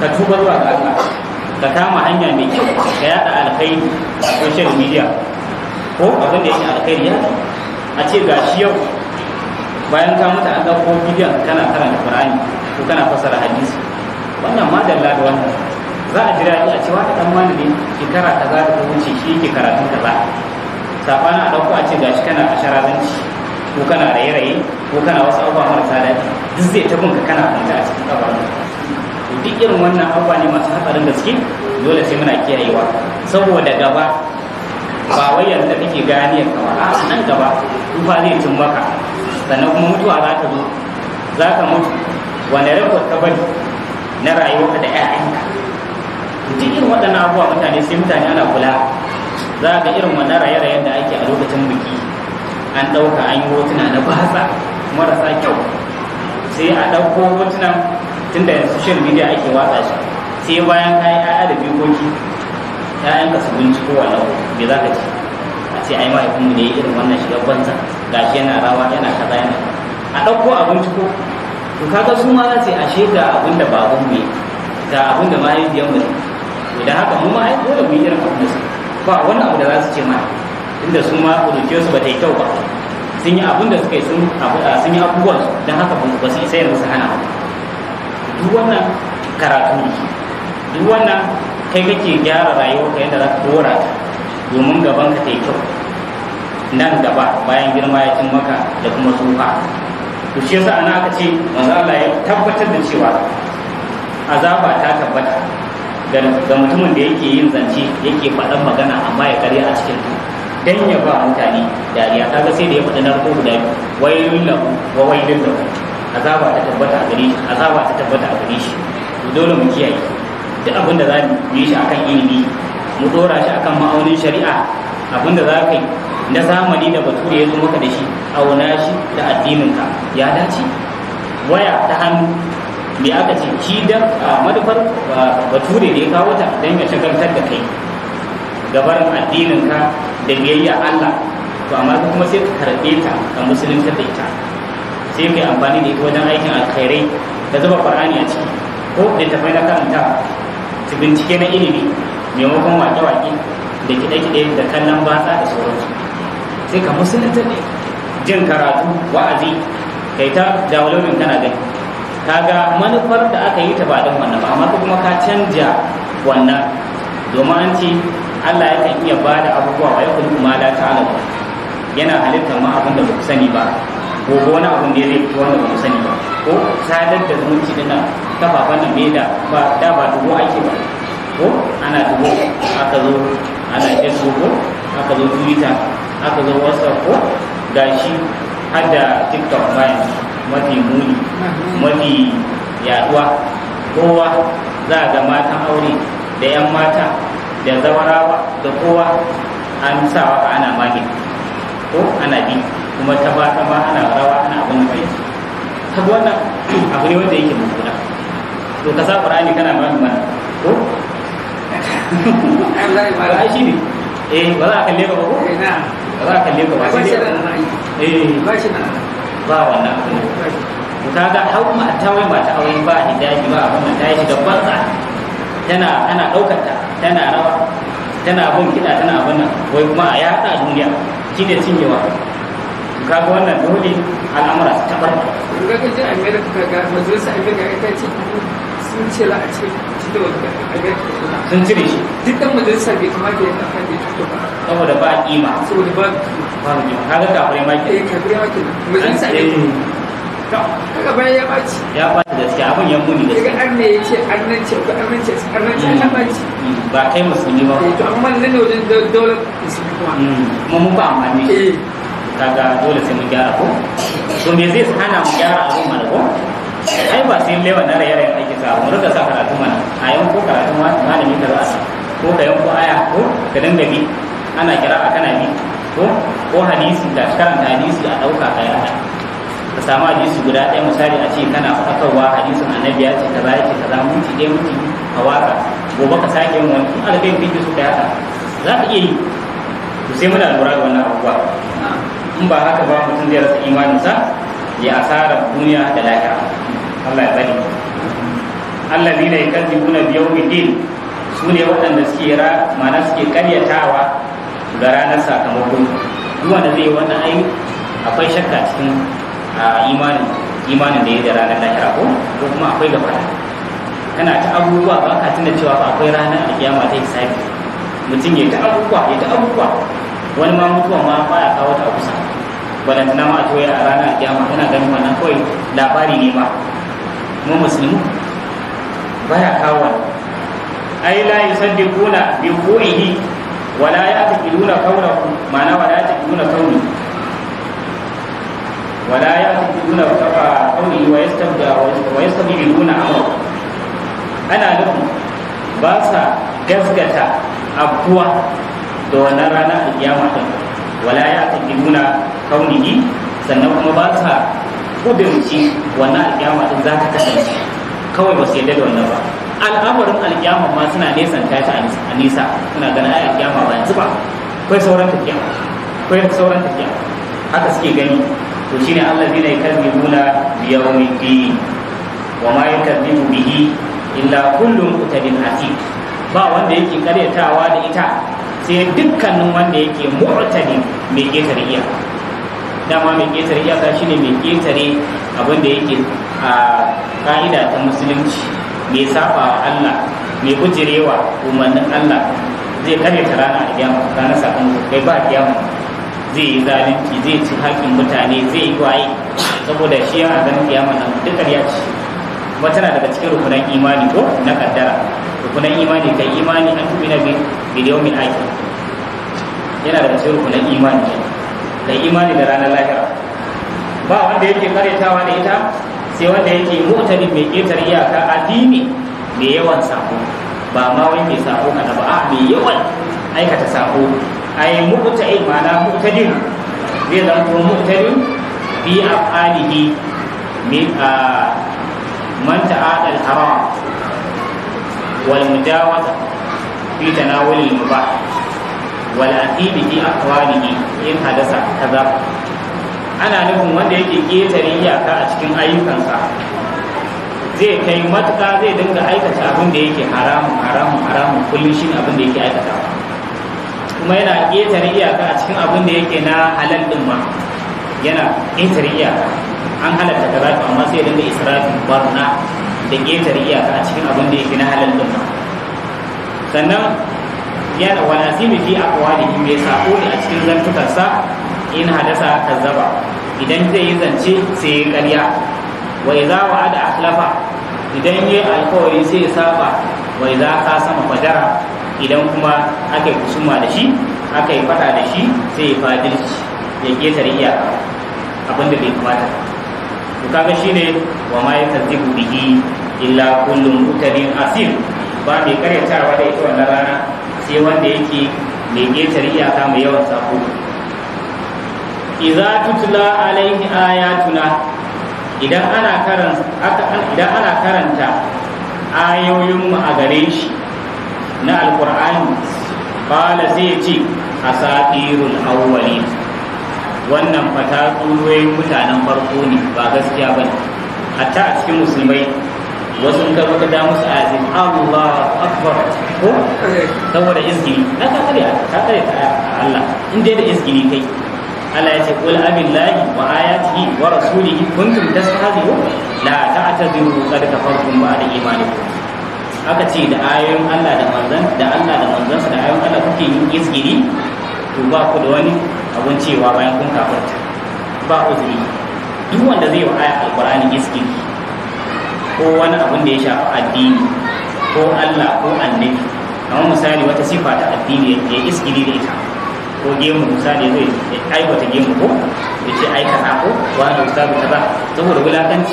Speaker 1: ka tuba zuwa ga Allah ka kama hanya mai kyau ka yada alkhairi a social media ko abin da yake alkhairi ya a ce ga shi yau bayan ka mutu an dauko bidiyon kana karanta Qur'ani ko kana fasara hadisi wannan ma dalla da wannan za a jira a cewa wata dan wani ne shekara kaza za ta wuce shi yake karatu ba sabana a ɗauko a ce gashi kana asharazanci ko kana raye-raye ko kana wasu abubuwa marasa daɗi duk zai ta bunka kana kwanta a cikin kabarin duk irin wannan abubuwa ne masu hatsarin gaske dole sai muna kiyayewa saboda gaba ba wai yanzu kake gani ka ba a ah, nan gaba tufa zai cin baka sannan kuma mutuwa za ta zo za ka mutu wani rikon ka bari na rayuwa da 'ya'yanka duk irin waɗannan abubuwa mutane sai mutane ana kula za ka irin wannan raye-rayen da ake a lokacin biki an ɗauka an yi hotuna na basa marasa kyau sai a ɗauko hotunan tunda yanzu social media ake watsa shi sai bayan ka yi ƴaƴa da bikoki ƴaƴan ka su binciko wannan me za ka ci a ce ai mahaifinmu ne irin wannan shiga banza gashi yana rawa yana kaza yana a ɗauko a binciko to kaga su ma za su ashe ga abin da babu mu ga abin da mahaifiyar mu ne da haka mu ma ai dole mu yi irin abin da su ba wani abu da za su ce mana inda su ma ƙuruciyar su ba ta yi kyau ba sun yi abin da suka yi sun yi abubuwan don haka ba su isa yanzu su hana duk wannan karatu ne duk wannan kai kake gyara rayuwa ka yadda za ka dora ta domin gaban ka ta kyau nan gaba bayan girma ya cin maka da kuma tsufa to shi yasa ana aka ce manzo Allah ya tabbatar da cewa azaba ta tabbata ga mutumin da yake yin zance yake faɗan magana amma ya karya a cikin ta dan ya ba mutane dariya kaga sai da ya faɗi narko guda biyu wailun lahu wa wailun azaba ta tabbata a gare shi azaba ta tabbata a gare shi to dole mu kiyaye duk abin da za mu yi shi akan ilimi mu dora shi akan ma'aunin shari'a abin da za ka yi na zamani da bature ya zo da shi auna shi da addinin ka ya dace waya ta hannu me aka ce shi da manufar bature da ya kawo ta don ya shagaltar da kai gabarin ka da biyayya Allah to amma kuma sai ka karɓe ta ka musulunta da ita sai mai amfani da ita wajen aikin alkhairai da zuba qur'ani a ciki ko da na karanta ta bincike na ilimi maimakon wake-wake da kiɗe-kiɗe da kallon batsa da sauransu sai ka musulunta ne jin karatu wa'azi kai ta ne kana gani kaga manufar da aka yi ta ba don wannan ba amma kuma ka canja wannan domin an ce Allah ya yakan iya ba da abubuwa wa ya kullu ma la ta'ala yana halittar ma abin da ba ku sani ba gobe wani da ne zai fito wanda ba mu sani ba ko sadar da zumunci din nan kafafen nan ba da ba dubu ake ba ko ana dubu aka zo ana facebook ko aka zo twitter aka zo whatsapp ko gashi har da tiktok bayan mafi muni mafi yaduwa kowa za a ga matan aure da 'yan mata da zawarawa da kowa an sawa ana magin ko ana bi kuma ta ba ta ba ana rawa ana abin kai ta wannan abu ne wanda yake mummuna to ka sa qur'ani kana ba mu mana ko ba shi ne eh ba za a kalle ba ko eh, ba za a kalle ba ba shi eh ba shi na ba wannan abu ne to ga hau ma ta wai ta aure ba shi ba abin ta yi da kwanza tana ana daukar ta tana rawa tana bin kiɗa tana abin nan wai kuma a yaɗa duniya ne cinyewa kaga wannan dole al'amura ta barka kaga jin america kaga majalisar america ita
Speaker 2: ce sun ce la a ce sun cire shi duk dan majalisa bai kamata ya tafi da tuto ba
Speaker 1: saboda ba kima saboda ba ba kima kaga kafirai ma maki. eh kafirai ma ke majalisa eh. america kaga bayan ya ɓaci ya ɓaci gaskiya abin ya muni gaskiya kaga ya ne yace ce. ko ta mm, mm. ba kai musulmi ba eh, to amma ne wajen musulmi mm, kuma mun ba eh kaga dole sai mun gyara ko to me zai hana mu gyara abin mana ko ai ba sai lewa na raye rayen aiki ta mu rika sa karatu mana a ko karatu malami da za su? ko ka ko aya ko da dinga bi ana kira a kana bi ko ko hadisi da karanta hadisi a dauka a ka samu hadisi guda ɗaya misali a ce kana fakarwa hadisin annabi ya ce kaza ya ce kaza minti ɗaya ci? ka waka gobe ka sake yin wani in alkai kake su ka yaka. za ka iya yi to sai muna lura da wannan abubuwa in ba haka ba mutum zai rasa imaninsa ya asara duniya da lahira Allah ya bari Allah ne da yakan ji kuna biyau bidin su ne waɗanda suke ra mana suke karyatawa ga ranar sakamako duk wanda zai wannan ai akwai shakka cikin imanin imanin da ya da ranar lahira ko ko kuma akwai gaba kana ta abubuwa ba ka tuna cewa ba akwai ranar alkiyama ta hisabi mutum ya ta abubuwa ya ta abubuwa wani ma mutuwa ma baya kawo ta kusa balantana ma a toya a ranar kiyama kana ganin wannan kawai labari ne ba mu musulmi baya kawo ai la yusaddiquna bi qawlihi wa la ya'taqiduna qawlahu ma'ana wa la ya'taqiduna qawli wa la ya'taqiduna qawli wa yastabda wa yastabiduna amra ana nufin ba sa gaskata abuwa da wannan rana kiyama ta wala ya taqiduna kaunihi sannan kuma ba sa shi wannan alkiyama din za ta kasance kawai ba su yarda da wannan ba al'amarin alkiyama ma suna nesan ta ta a nisa suna ganin ai alkiyama ba yanzu ba kai sauran tafiya kai sauran tafiya haka suke gani to shine Allah zai yi kalmi mula biyawmin bi wa ma yakadibu bihi illa kullum mutadin atik ba wanda yake karyatawa da ita sai dukkanin wanda yake mu'tadi mai ƙetare iya dama mai ƙetare iyaka shine mai ƙetare abin yake a ka'ida ta musulunci mai saba Allah mai gujirewa umarnin Allah zai ta rana a kiyama ranar sakamako kai ba kiyama zai yi zalunci zai ci haƙƙin mutane zai yi waye saboda shi yana ganin kiyama nan dukkan ya ce kuma tana daga cikin rukunan imani ko na kaddara rukunan imani kai imani an tumi na biliyon min aiki yana da cikin rukunan imani kai imani da ranar lahira ba wanda yake karetawa da ita sai wanda yake mutane mai ƙetar iyaka addini mai yawan sako ba ma wai mai sako kada ba a mai yawan aikata sako ai mu'ta'in mana mu'tadin zai zama mu'tadin bi af'alihi min ah, manta adal haram والمجاوزة في تناول المباح والأثيم في أقواله إن حدث كذا ana nufin wanda yake ƙetare iyaka a cikin ayyukansa zai kai matuƙa zai dinga aikata abin da yake haramun haramun haramun kullum shi abin da yake aikata kuma yana ƙetare iyaka a cikin abin da yake na halal ɗin ma yana ƙetare iyaka an halatta kaza amma sai dinga israfin barna da ƙetare iyaka a cikin abin da yake na halin din sannan yana wani zimi fi da mai sako ne a cikin zantukarsa in hadasa kazzaba idan zai yi zance sai ya karya wa idza wa'ada akhlafa idan yayi alkawari sai ya saba wa ka sama fadara idan kuma aka yi kusuma da shi aka yi fada da shi sai ya fadilci ya ƙetare iyaka abin da bai kamata ba to kaga shine wa ma yakzibu bihi illa kullu mutadin asir ba mai karyatawa da ita wannan rana sai wanda yake mai ƙetare iyaka mai yawan sako idza tutla alaihi ayatuna idan ana karanta idan ana karanta ayoyin mu a gare shi na alqur'ani qala sai ce asatirul awwalin wannan fata tsuroyin mutanen farko ne ba gaskiya ba ne hatta a cikin musulmai wasu ka baka da musu azim Allah akbar ko saboda izgiri na ka a ka ta Allah in dai da izgiri kai Allah ya ce qul abillahi wa ayatihi wa rasulihi kuntum tastahzi'u la ta'tadiru qad kafartum ba'da imanikum aka ce da ayoyin Allah da manzon da Allah da manzon da ayoyin Allah kuke yin izgiri to ba ku da wani abun cewa bayan kun kafarta ba uzuri duk wanda zai wa aya alqur'ani iski ko wani abun da ya shafi addini ko Allah ko annabi kamar misali wata sifa ta addini ya iski da ita ko gemu misali zai aiwata gemu ko ya ce aika ko wani ustazu ba saboda wulakanci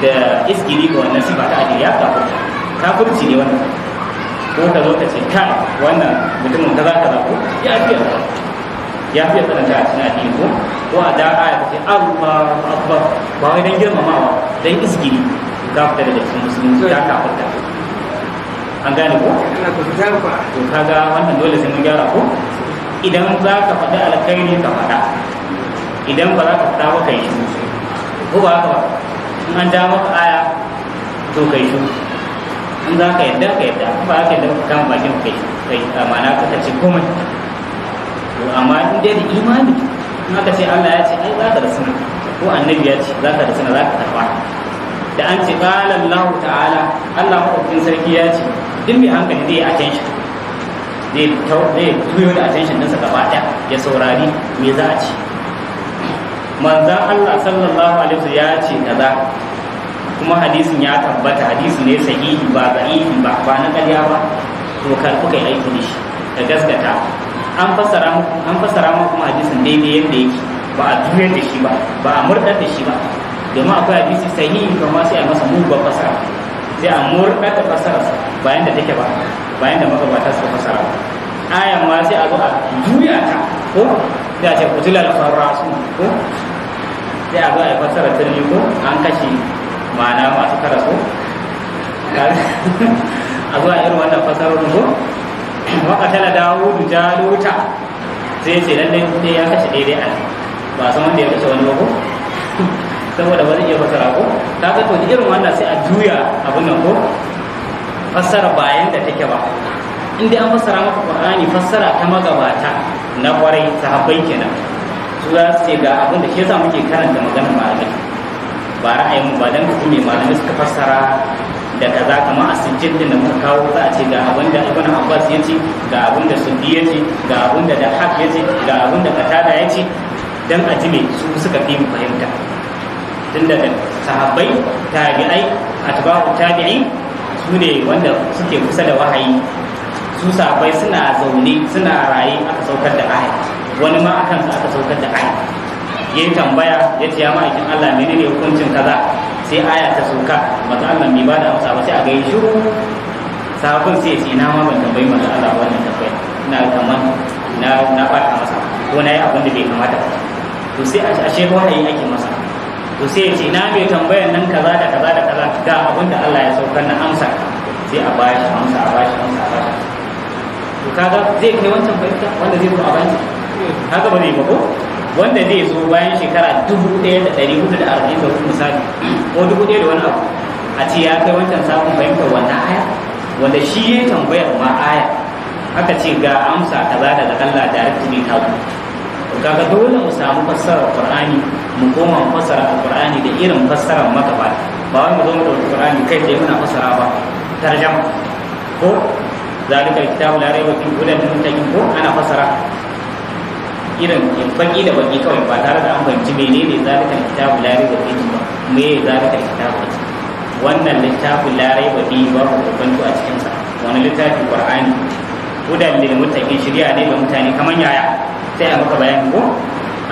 Speaker 1: da iski ga wannan sifa ta addini ya kafarta kafurci ne wannan ko ka zo ta ce kai wannan mutumin kaza kaza ko ya fi ya fi tsananta a cikin addini ko ko a da aya fi alba alba akbar ba wai don girmamawa dan isgiri ka fita daga cikin musulunci ya ka ta an gane ko to ga wannan dole sai mun gyara ko idan za ka faɗi ne ka faɗa idan ba za ka faɗa ba ka yi ko ba haka ba in an dawo maka aya to kai shi in za ka yadda ka yadda ba ka yadda ka kama bakin kai kai amana ka kace komai to amma in dai da imani in aka ce Allah ya ce ai za ka da ko annabi ya ce za ka da za ka tafa da an ce qala Allahu ta'ala Allah madaukakin sarki ya ce duk mai hankali zai attention zai zai tuyo da attention sa gaba ɗaya ya saurari me za a ce manzan Allah sallallahu alaihi wasallam ya ce kaza kuma hadisin ya tabbata hadisi ne sahihi ba za'ihi ba ba na ƙarya ba to kar kuka yi aiki da shi da gaskata an fassara mu an fassara kuma hadisin daidai yadda yake ba a juyar da shi ba ba a murɗar da shi ba domin akwai hadisi sahihi kuma sai a masa muguwar fassara sai a murɗar da fasara bayan da take ba bayan da magabata suka fassara ayan ma sai a zo a juya ta ko da ce kutilal farasu ko sai a zo a fassara ta ko an kashe ma'ana masu karasu *laughs* a zuwa irin wannan fasarorin ko makatala dawudu lota zai ce lallai ne ya kashe daidai a ba san wanda ya kashe wani ko *laughs* saboda ba iya fasara ko ta ga da irin wannan sai a juya abin nan ko fassara bayan da take ba inda an fassara maka qur'ani fassara ta magabata na kwarai sahabbai kenan su za su ce ga abin da ke sa muke karanta maganar malamai ba ra'ayin ba dan ku ne malamai suka fassara da kaza kamar a sujjid din da muka kawo za a ce ga abin da ibn abbas ya ce ga abin da sundi ya ce ga abin da dahab ya ce ga abin da ya ce dan a ji su suka fi mu fahimta tun daga sahabbai tabi'ai atba'u tabi'i su ne wanda suke kusa da wahayi su sahabbai suna zaune suna raye aka saukar da aya wani ma akan aka saukar da aya ya yi tambaya ya ce ya ma'aikin Allah ne hukuncin kaza sai aya ta suka mata Allah bai bada amsa ba sai a gaishe shiru sabon sai sai na ma ban tambayi mata Allah wannan tambaya ina kaman na na fata masa ko na yi abin da bai kamata ba to sai a ashe wani yake masa to sai ya ce na mai tambayar nan kaza da kaza da kaza ga abin da Allah ya saukar na amsa sai a bashi amsa a bashi amsa a bashi to kaga zai kai wancan fahimta wanda zai zo a bashi kaga ba zai ba ko wanda zai zo bayan shekara dubu ɗaya da ɗari hudu da arba'in da hudu misali ko dubu ɗaya da wani abu a ce ya kai wancan samun fahimtar wani aya wanda shi ya tambayar ma aya aka ce ga amsa ta za daga Allah da ne ta ku kaga dole mu samu fassara Qur'ani mu koma mu fassara Qur'ani da irin fassara maka ba wai mu zo mu ɗauki Qur'ani kai da muna fassara ba tarjama ko zalika kitabu la raiba fihi hudan lil muttaqin ko ana fassara irin baki da baki kawai ba tare da an fahimci menene kan kitabu la da fihi ba me kan kitabu wannan littafin Larai da biyu ba ku kokanto a cikin sa wani littafi qur'ani hudan lil muttaqin shirya ne ga mutane kaman yaya sai a maka bayani ko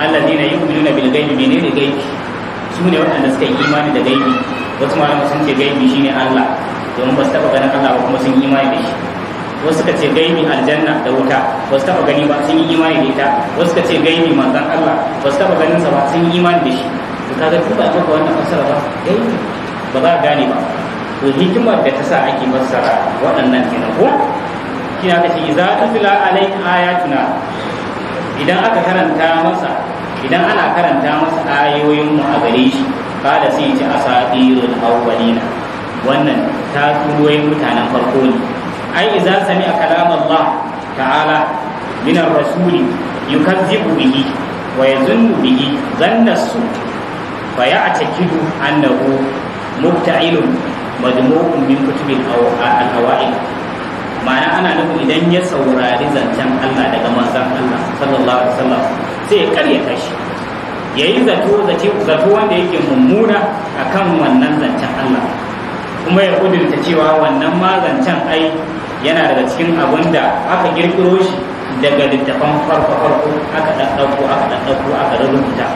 Speaker 1: alladheena yu'minuna bil ghaibi menene gaibi su ne waɗanda suka yi imani da gaibi wasu malamu sun ce gaibi shine Allah domin ba su taɓa ganin Allah ba kuma sun yi imani da shi wasu ka ce gaimi aljanna da wuta wasu taba gani ba sun yi imani da ita wasu ka ce gaimi manzon Allah wasu taba ganin sa ba sun yi imani da shi to kaga duk ba maka wannan fassara ba gaimi ba za ka gane ba to hikima da ta sa ake fassara waɗannan kenan ko kina ka ce za tutla alaika ayatuna idan aka karanta masa idan ana karanta masa ayoyin mu a gare shi kada sai ya ci asatirul awwalina wannan ta turoyin mutanen farko ne ai idza sami'a kalam Allah ta'ala min ar-rasul yukazzibu bihi wa yazunnu bihi zanna su fa ya'taqidu annahu mubta'ilun madmu'un min kutubi al-awa'il ma'ana ana nufin idan ya saurari zancen Allah daga manzon Allah sallallahu alaihi wasallam sai ya karya shi ya yi zato wanda yake mummuna akan wannan zancen Allah kuma ya kudurta cewa wannan ma zancen ai yana daga cikin abin da aka kirkiro shi daga littafan farko farko aka ɗaɗɗauko aka ɗaɗɗauko aka rubuta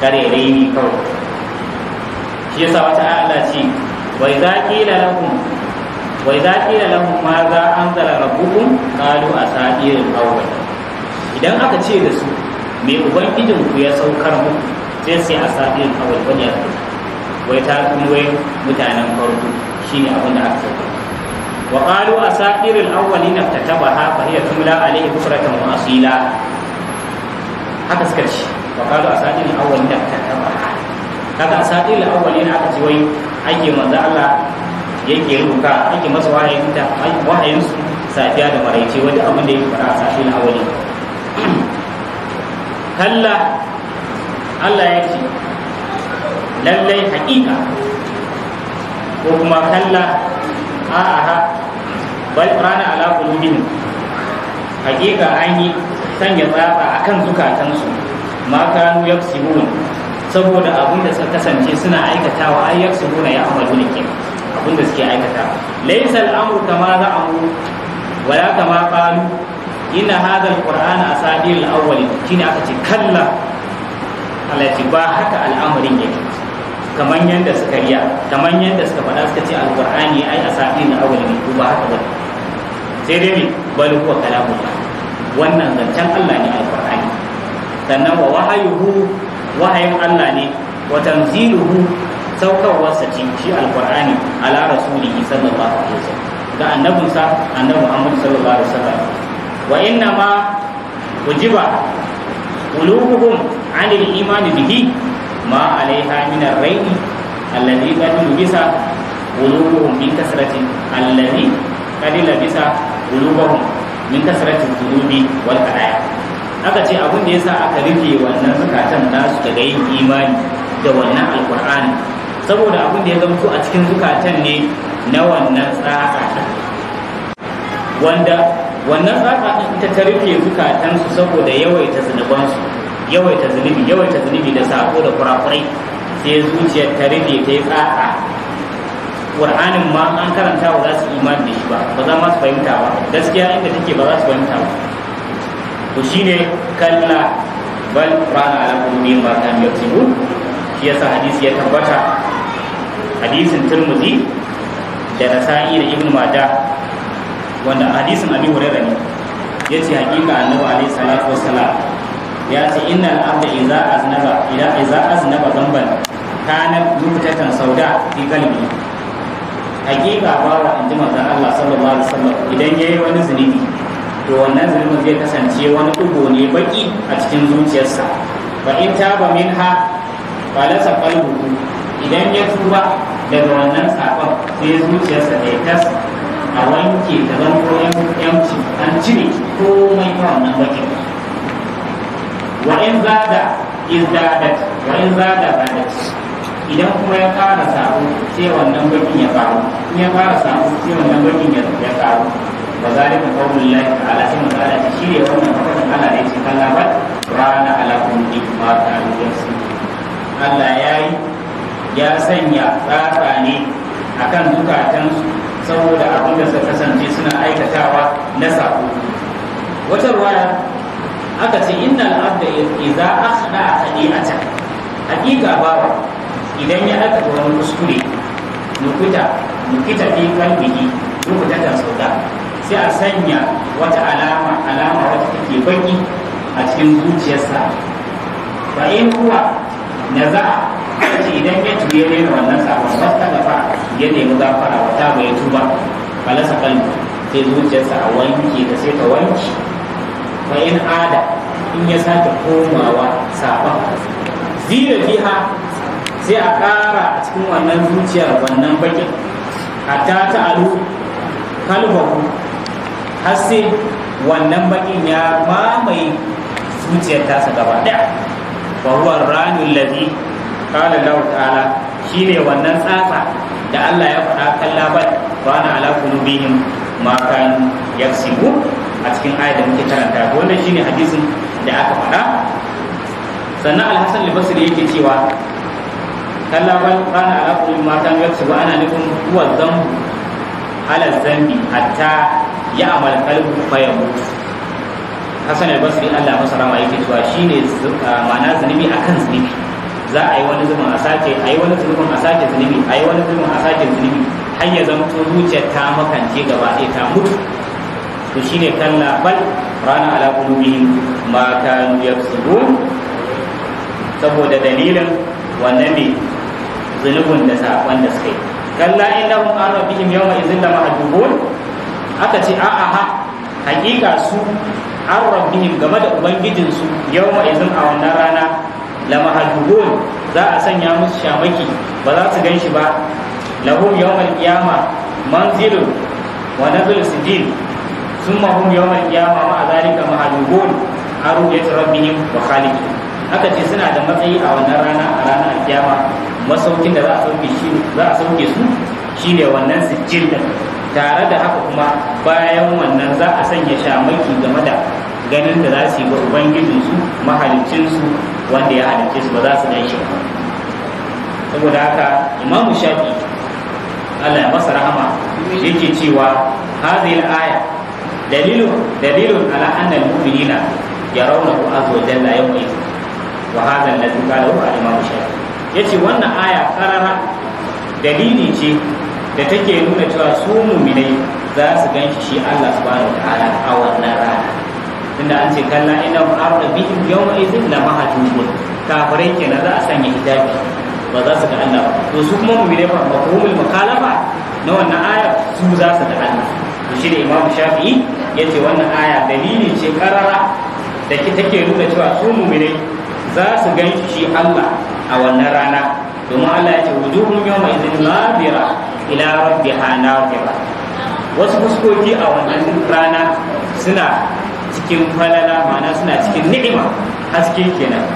Speaker 1: kare ne kawai shi yasa wata ala ce wai za ƙila lahum wai za ƙila lahum ma za an zara rabbukum qalu asatirul awwal idan aka ce da su me ubangijin ku ya saukar mu sai sai asatirul awwal wani ya wai ta kuma wai mutanen farko shine abin da aka saukar وقالوا أساطير الأولين اكتتبها فهي تملى عليه بكرة وأصيلا haka suka ce wa kalu asadin awwalin da ta taba kaga asadin awwalin aka ce wai ake manzo Allah yake ruka ake masa wahayin da wahayin su safiya da maraice wanda abin da yake fara asadin kalla Allah ya ce lallai haƙiƙa ko kuma kalla aha bal rana ala qulubihim hakika an yi sanya a kan zukatansu ma kanu yaksibun saboda abin da suka kasance suna aikatawa ai yaksibuna ya amalu ne abin da suke aikatawa laysa al-amru a za'amu wala kama qalu inna hadha al-qur'an awwal shine aka ce kalla Allah ba haka al'amarin yake kamar yadda suka riya kamar yadda suka faɗa suka ce Alƙur'ani ai a asafi na awal ne ba haka ba sai dai me bal huwa kalamullah wannan zancen Allah ne Alƙur'ani. sannan wa wahayuhu wahayin Allah ne wa tanziluhu saukarwarsa ce shi lara ala rasulihi sallallahu alaihi wasallam ga annabinsa annabi Muhammad sallallahu alaihi wasallam wa inna ma ujiba qulubuhum 'anil imani bihi ma alaiha minar raini alladhi qad bisa qulubuhum min kasrati alladhi qad bisa qulubuhum min kasrati dhunubi wal qadaya aka ce abin da yasa aka rufe wannan zukatan nasu daga yin imani da wannan alqur'ani saboda abin da ya zamto a cikin zukatan ne na wannan tsaka wanda wannan tsaka ita ta rufe zukatansu saboda yawaita zunubansu yawaita zunubi yawaita zunubi da sako da kurakurai sai zuciyar ta rufe ta yi tsatsa ƙur'anin ma an karanta ba za su imani da shi ba ba za ma su fahimta ba gaskiya inda take ba za su fahimta ba to ne kalla bal rana ala kulli ma kan yasibu shi yasa hadisi ya tabbata hadisin turmuzi da nasa'i da Ibn mada wanda hadisin abi hurairah ne yace hakika annabi alaihi salatu wassalam ya ce innal abda a aznaba idan idza aznaba zamban kana mutatan sauda fi kalbi hakika bawa in ji manzon Allah sallallahu alaihi wasallam idan yayi wani zunubi to wannan zunubin zai kasance wani dugo ne baƙi a cikin zuciyarsa fa in taba minha falasa qalbuhu idan ya tuba daga wannan sakon sai zuciyarsa ta tas a wanke ta zanto yanci an cire komai ta wannan bakin wa in zada izdadat wa in zada zadat idan kuma ya fara sabo sai wannan bakin ya faru in ya ƙara sabo sai wannan bakin ya faru wa zalika qawlul lahi ta'ala sai magana ta shirye wannan fatan Allah ne ce kalla bal rana ala kulli ma ta'ala yasi Allah yayi ya sanya tsatsa ne akan zukatansu saboda abin da suka kasance suna aikatawa na sabo wata ruwaya aka ce innal abda idza akhda khadi'atan hakika bawa idan ya aka wani kuskure nukuta nukita fi kalbihi nukuta ta sauka sai a sanya wata alama alama wata take baki a cikin zuciyarsa fa in za naza ce idan ya tuye ne wannan sabon wata gafa ya nemi gafara wata bai tuba falasa kalbi sai zuciyarsa a wanke da sai ta wanke fa in ada in ya sake komawa sabon zira fiha sai a ƙara a cikin wannan zuciyar wannan bakin A ta alu kalbahu har sai wannan bakin ya mamaye zuciyar tasa gaba ɗaya wa huwa ranul ladhi qala lahu ta'ala ne wannan tsasa da Allah ya faɗa kan labar wa ana ala bihin ma ya yaksibu a cikin ayar da muke karanta wannan shine hadisin da aka faɗa sannan alhassan libasiri yake cewa kalla bal kana ala kulli ma kan yaksu wa ana nufin huwa zambu ala zambi hatta ya amal qalbu fa yamut hasan al-basri Allah masa rama yake cewa shine ah, ma'ana zunubi akan zunubi za a yi wani zubin a sake a yi wani zubin a sake zunubi a yi wani zubin a sake zunubi har ya zamto zuciya ta makance gaba ɗaya ta mutu to shine kalla bal rana ala qulubihim ma kanu yaksubun saboda dalilin wannan ne zunubin da sakon da suka yi kalla innahum an rabbihim yawma da lamahdubun aka ce a'a ha hakika su an rabbihim game da ubangijinsu yawma idhin a wannan rana lamahdubun za a sanya musu shamaki ba za su gan shi ba lahum yawmal qiyama manzilun wa nazul sijil ثم هم يوم القيامة مع ذلك مهلوبون عن رؤية wa khaliki haka ce suna da matsayi a wannan rana a ranar alkiyama masaukin da za a sauke shi za a su shine wannan sijil din tare da haka kuma bayan wannan za a sanya shamaki game da ganin da za su yi ga ubangijinsu mahalicinsu wanda ya halicce su ba za su gan saboda haka imamu shafi Allah ya masa rahama yake cewa hadhihi al-aya dalilu dalilun ala anna al-mu'minina yarawnahu azza wa jalla yawma idin wa hadha alladhi qalahu al-imam shafi'i yace wannan aya karara dalili ce da take nuna cewa su mu'minai za su ganshi shi Allah subhanahu wa ta'ala a wannan rana tunda an ce kalla ina arda bi yawma idin la mahajubun kafirai kenan za a sanya hijabi ba za su ga Allah ba to su kuma mu'minai ba mafhumul mukhalafa na wannan aya su za su ga Allah shi ne imamu shafi'i ce wannan aya dalili ce karara da take nuna cewa su mu'minai za su gan shi Allah a wannan rana domin Allah ya ce wujuhun yawma idhin nadira ila rabbiha nadira wasu fuskoki a wannan rana suna cikin falala ma'ana suna cikin ni'ima haske kenan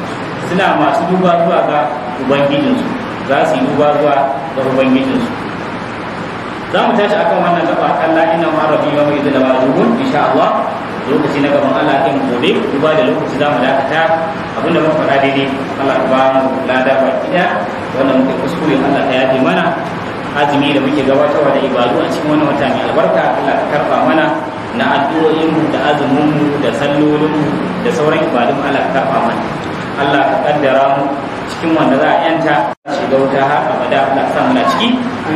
Speaker 1: suna masu duba zuwa ga ubangijinsu za su yi duba zuwa ga ubangijinsu za mu tashi akan wannan gaba kalla ina ma rabbi wa mai da majubun insha Allah lokaci na gaban Allah kan gobe duba da lokaci za mu dakata da muka faɗa daidai Allah ya ba mu lada ba kida wannan muke kuskure Allah ta yafe mana azumi da muke gabatarwa da ibadu a cikin wannan wata mai albarka Allah ka karfa mana na addu'o'in mu da azumin mu da sallolin mu da sauran ibadun Allah ka karfa mana Allah ka kaddara mu cikin wanda za a yanta shiga wuta har abada Allah sa muna ciki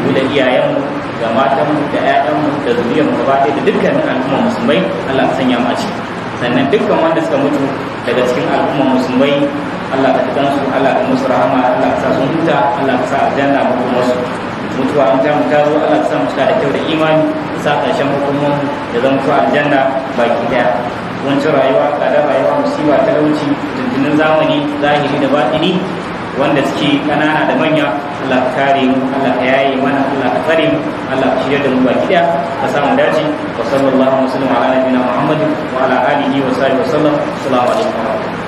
Speaker 1: mu da iyayen mu ga matanmu da 'ya'yanmu da zuriyarmu gaba ɗaya da dukkanin al'umma musulmai Allah ka sanya mu a ciki sannan dukkan wanda suka mutu daga cikin al'umma musulmai Allah ka tukan su Allah ka musu rahama Allah ka sa sun huta Allah ka sa aljanna mu kuma su mutuwa an kama ta zo Allah ka sa mu cika da kyau da imani sa ƙarshen hukumar da zama to aljanna baki ɗaya wancan rayuwa tsada rayuwa musiba talauci tuntunin zamani zahiri da batini wanda suke kanana da manya Allah ka kare mu Allah ka yaye mana Allah ka kare mu Allah ka shirya da mu baki daya ka samu dace wa sallallahu alaihi wa sallam ala nabiyina Muhammad wa ala alihi wa sahbihi wa sallam assalamu alaikum